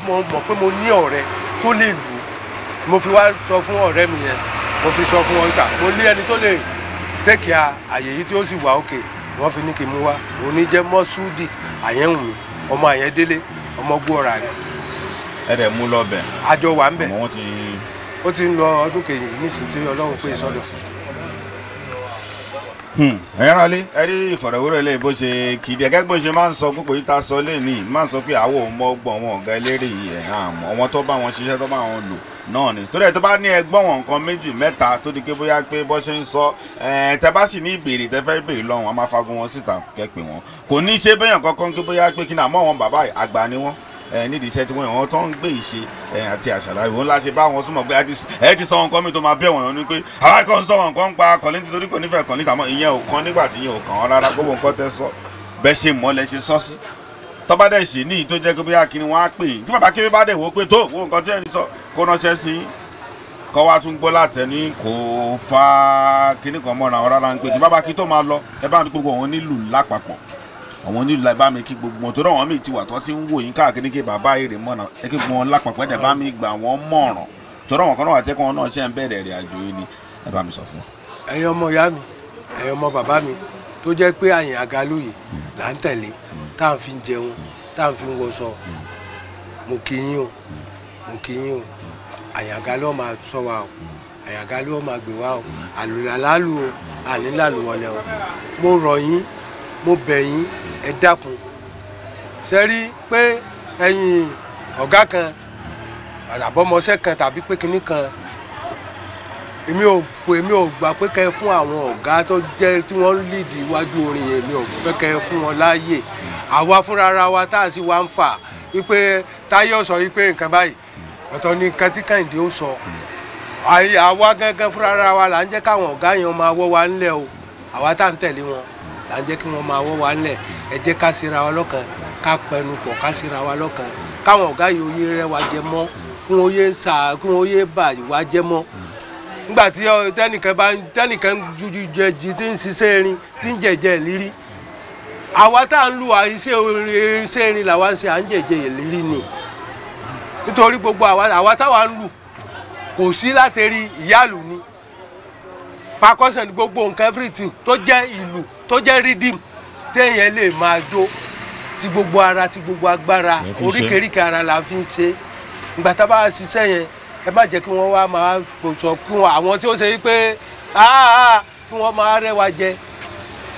mọ̀ pé mo ní ọ̀rẹ́ tó lè lù mo fi wá sọ fún ọ̀rẹ́ mi yẹn mo fi sọ fún wọn níta mo lé ẹni tó lè tẹ́kì a àyè yìí tí ó sì wà òkè wọ́n fi ní kí n mú wá òun ní jẹ́ mọ́súdì àyẹ̀wùmí ọmọ àyẹ̀délé ọmọ gbọ́ra rẹ̀. ẹ dẹ̀ mú lọ bẹ̀. àjọ wà ń bẹ̀. àwọn ti. ó ti ń lọ ọdún kejì nísìnyí tí ọlọ́run pé sọ́dọ̀ fún hmm. ẹ̀yàn alẹ́ ẹ rí ìfọ̀rọ̀wérọ̀ ilé bó ṣe kìdí ẹ̀gẹ́ bó ṣe máa ń sọ gbogbo yìí ta sọ lé ní máa ń sọ pé àwọn ò mọ́ gbọ̀n wọn ọ̀gá eléré ẹ̀ hàn wọn tó bá wọn ṣiṣẹ́ tó bá wọn lò náà ni torí ẹ tó bá ní ẹgbọ́n wọn nǹkan méjì mẹ́ta tó di pé bóyá pé bó ṣe ń sọ ẹ tẹ bá sì ní ìbéèrè tẹ fẹ́ béèrè lọ́wọ́n a máa fagun wọn síta kẹ́pẹ́ wọn kò ní í ṣe bẹ́yàn kankan pé bóyá pé kí ni àmọ́ wọn bàbá àgbà ni wọn nídìí iṣẹ́ tí wọ́n wọ́n tó ń gbé ìṣe àti àṣàlàyé wọn láṣẹ bá wọn súnmọ́ pé ẹ ti sọ nǹkan mi tó máa bẹ̀ wọ̀nyàn ni pé àwọn kan sọ wọn nǹkan pa kọ̀lé nítorí kò nífẹ̀ẹ́ kọ̀lé tàmọ́ ìyẹn ò kan nígbà tí ìyẹn ò kàn án rárá gbogbo nǹkan tẹ sọ bẹ́ẹ̀ ṣe mọ́ lẹ ṣe sọ tọ́ba dẹ̀ sí ní ìtó jẹ́ pé bóyá kí ni wọ́n á pè tí bàbá kiri bá dẹ̀ wò ó pé tó wo nǹkan tí ẹni sọ kó ránṣẹ́ sí kọ́ wa tún gbọ́ látẹ̀ní kò fa kíní kan mọ́ra ọ̀rá la ń pè tí bàbá kí tó máa lọ ẹ bá mi gbogbo àwọn onílù lápapọ̀ àwọn onílù la bá mi kí gbogbo wọn tó náà wọn mi ti wà tó ti ń wò yín káàkiri kí bàbá èrè mọ́ra ẹ kí gbogbo wọn lápapọ̀ ẹ̀ dẹ̀ bá mi gbà wọ́n mọ̀ràn tó náà wọn kan náà wà tẹ́kọ̀ wọn náà ṣe ń bẹ̀rẹ̀ ìrìn àjò tá à ń fi jẹun tá à ń fi wọṣọ mo kí yín o mo kí yín o àyàgálẹ̀ ọmọ àtọ́ wa o àyàgálẹ̀ ọmọ àgbè wa o o mo rọ̀ mo bẹ̀ yín ẹ dákun ṣe rí pé ẹ̀yin ọ̀gá kan àbọ̀mọṣẹ́ kan tàbí pé kinní kan èmi ò èmi ò gbà pé kẹ́ ẹ fún àwọn ọ̀gá tó jẹ́ tí wọ́n lìdí iwájú orin yẹn mi ò fẹ́ kẹ́ ẹ fún wọn láàyè àwa fúnra wa tá a sì wá ń fà wípé Táyọ̀ sọ wípé nǹkan báyìí ọ̀tọ̀ ni nǹkan tí Kẹ́hìndé ó sọ àwa gángan fúnra wa là ń jẹ́ káwọn ọ̀gá yẹn máa wọ́ wa ńlẹ̀ o àwa tá ń tẹ̀lé wọn là ń jẹ́ kí wọ́n máa wọ́ wa ńlẹ̀ ẹ jẹ́ ká síra wa lọ́kàn ká pẹnu pọ̀ ká síra wa lọ́kàn káwọn ọ̀gá yìí oyè rẹ wa jẹ mọ́ kí wọ́n yé sà kí wọ́n yé bà wá jẹ mọ́. Mm nígbà tí tẹnìkan bá tẹnìkan jẹ jí tí ń ṣiṣẹ́ erin tí ń jẹ̀jẹ̀ ìlérí àwa tá à ń lu iṣẹ́ iṣẹ́ erin làwa ń ṣe à ń jẹ̀jẹ̀ ìlérí ni nítorí gbogbo àwa táwa ń lù kò sí láti rí ìyáàlú ni percussion gbogbo nǹkan everything tó jẹ́ ìlù tó jẹ́ rhythm téèyàn lè máa jó ti gbogbo ara ti gbogbo agbára oríkèéríkèé ara la fi ń ṣe ìgbà tá a bá yẹn ẹ má jẹ́ kí wọ́n wá máa sọ fún àwọn tí ó ṣe pé kí wọ́n máa rẹ́wà jẹ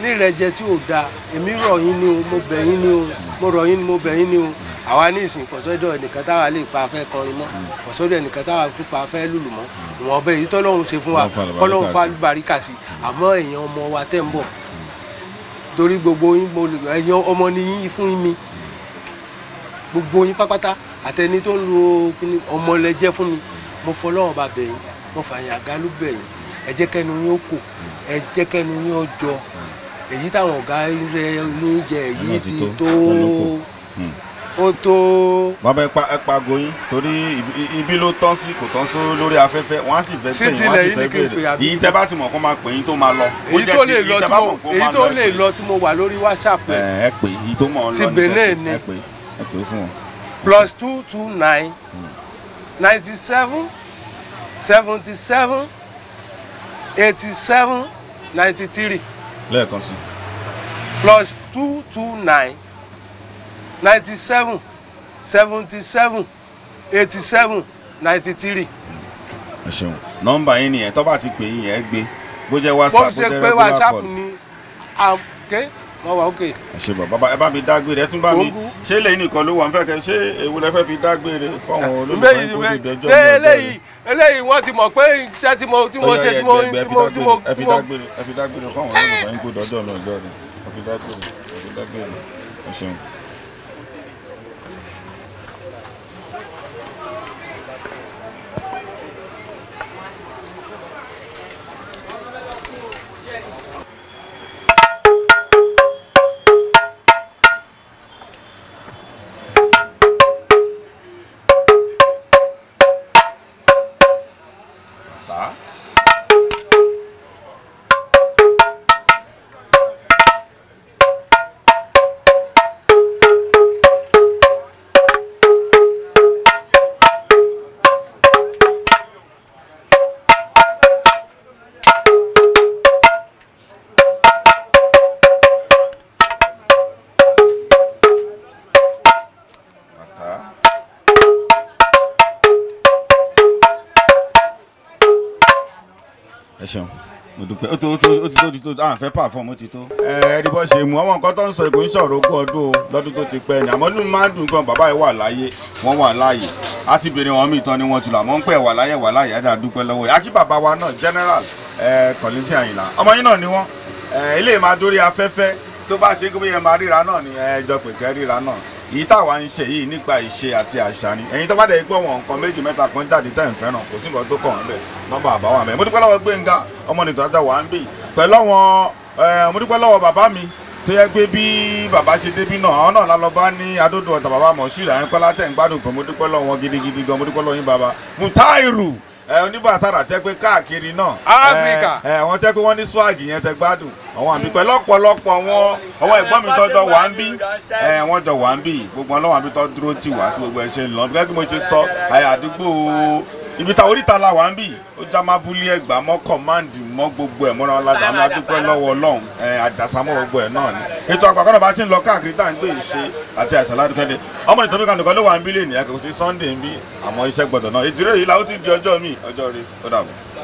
ní ìrẹ́jẹ tí ò dáa èmi rọ̀ yín ni o mo bẹ̀ yín ni o mo rọ̀ yín ni mo bẹ̀ yín ni o àwa ní ìsìn kọ̀sọ́dọ̀ ẹnìkan táwa lè pa afẹ́ kọrin mọ́ kọ̀sọ́dọ̀ ẹnìkan táwa lè pa afẹ́ lùlù mọ́ ìwọ̀n ọbẹ̀ èyí tọ́lọ́run ṣe fún wa kọ́lọ́run fa àlùbáríkà sí àmọ́ èèyàn ọmọ wa tẹ̀ ń bọ̀ torí gbogbo yín èèyàn ọmọ ni yín fún mi gbogbo yín pápátá àtẹni tó ń lo ọmọ lẹ jẹ́ fún mi mo fọlọ́wọ́n bá bẹ̀ yín mo fààyàn àgálù bẹ̀ yín ẹ jẹ́ kẹ́nu yín ó kò ẹ jẹ́ kẹ́nu yín ó jọ èyí táwọn ọ̀gá rẹ ní jẹ èyí ti tó hmm. ó tó. bàbá ẹ pa ẹ pa goyin torí ibi ló tán sí kò tán sí lórí afẹ́fẹ́ wọ́n á sì fẹ́ pè yín wọ́n á sì fẹ́ béèrè èyí tẹ́ bá ti mọ̀ kó máa pè yín tó máa lọ. èyí tó lè lọ tí mo èyí tó lè lọ tí mo wà lórí whatsapp ẹ. ẹ pè èyí tó mọ̀ ọ́ lọ ní ẹ pè ẹ pè fún wọn. plus two two nine. Hmm. 97, 77, 87, 93. lẹ́ẹ̀kan sí. plus two two nine ninety seven seventy seven eighty seven ninety three. ẹ ṣeun nọ́mbà yín nìyẹn tó bá ti pè yín yẹn gbé bó jẹ́ whatsapp bó jẹ́ regular call. bó ṣe pé whatsapp ni Okay? wọ́n wà ókè. ẹ ṣe bọ̀ bàbá ẹ bá mi dágbére ẹ tún bá mi ṣé lẹ́yìn nìkan ló wà ń fẹ́ kẹ́ ṣé èwo lẹ fẹ́ fi dágbére fọ́wọn ah, olólùfẹ́ ìkórè ìdẹ́jọ́ ṣé eléyìí eléyìí wọ́n ti mọ̀ pé iṣẹ́ tí mo tí mo ṣe tí mo tí mo tí mo. ẹ fi dágbére fọ́wọn olólùfẹ́ ìkórè ìdẹ́jọ́ náà jọ́ ni ẹ fi dágbére ẹ fi dágbére ẹ ṣeun. tó à ń fẹ́ pàfọ́ọ̀mù ti tó. ẹ ẹni bọ́ ṣe mú àwọn nǹkan tó ń sọ ìkò ń sọ̀rọ̀ ogún ọdún o lọ́dún tó ti pẹ́ ni àmọ́ inú máa ń dùn gan bàbá yìí wà láyé wọ́n wà láàyè á ti béèrè wọn mí tán ni wọ́n ti lọ àmọ́ ń pẹ́ wà láyé wà láyé á dáa dúpẹ́ lọ́wọ́ yìí akí bàbá wa náà general kọ̀lìntì àyìnlá ọmọ yín náà ni wọ́n ilé máa dórí afẹ́fẹ́ tó bá ṣe gbé yẹn máa ríra náà ni ẹ jọ pè kẹ́ ríra náà èyí táwa ń ṣe yìí nípa ìṣe àti àṣà ni ẹ̀yin tó bá dẹ̀ gbọ́ wọn nǹkan méjì mẹ́ta kan jáde tẹ̀ ń fẹ́ràn kò sí nǹkan tó kàn án bẹ̀ nọ́mbà àbáwá mẹ́ mo dúpẹ́ lọ́wọ́ Gbénga ọmọ nìtò àtàwà ń bì pẹ̀lú àwọn eh, mo dúpẹ́ lọ́wọ́ bàbá mi tó yẹ pé bí bàbá ṣe débí náà àwọn náà lálọ́ bá ní adódò ọ̀tà bàbá Moshood Ayínkọ́lá tẹ̀ ń gbádùn fún mo dúpẹ́ lọ́wọ́ gidigidi gan mo dúpẹ́ lọ́wọ́ yín bàbá Mutairu eh, oníbàtàrà tẹ́ pé káàkiri náà Áfíríkà eh, ẹ̀ wọ́n àwọn àmì pẹ̀lú ọ̀pọ̀lọpọ̀ wọn àwọn ẹ̀gbọ́n mi tọ́jọ́ wà ń bí ẹ̀ wọ́n jọ wà ń bí gbogbo ọlọ́wọ́n àbí tọ́ dúró tì wá tí gbogbo ẹ̀ ṣe ń lọ gẹ́gẹ́ bí mo ṣe sọ àyà àdúgbò ibi ta oríta la wà ń bì ó já má búlé ẹgbàá mọ́ kọ̀máǹdì mọ́ gbogbo ẹ̀ mọ́ra ọ̀làjà mi adúpẹ́ lọ́wọ́ ọlọ́run àjàsámọ́ gbogbo ẹ̀ náà ni ètò àpàkọ́nà bá ṣe ń lọ káàkiri tá à ń gbé ìṣe àti àìsàn ládùúkẹ́ ni ọmọ ìtọ́jú kan nìkan ló wà ń bí lè ní ẹ̀kọ́ sí Sunday ń bí àmọ́ iṣẹ́ gbọ́dọ̀ náà ìdúró yìí la ó ti di ọjọ́ mi ọjọ́ rẹ̀ ó dàbọ̀.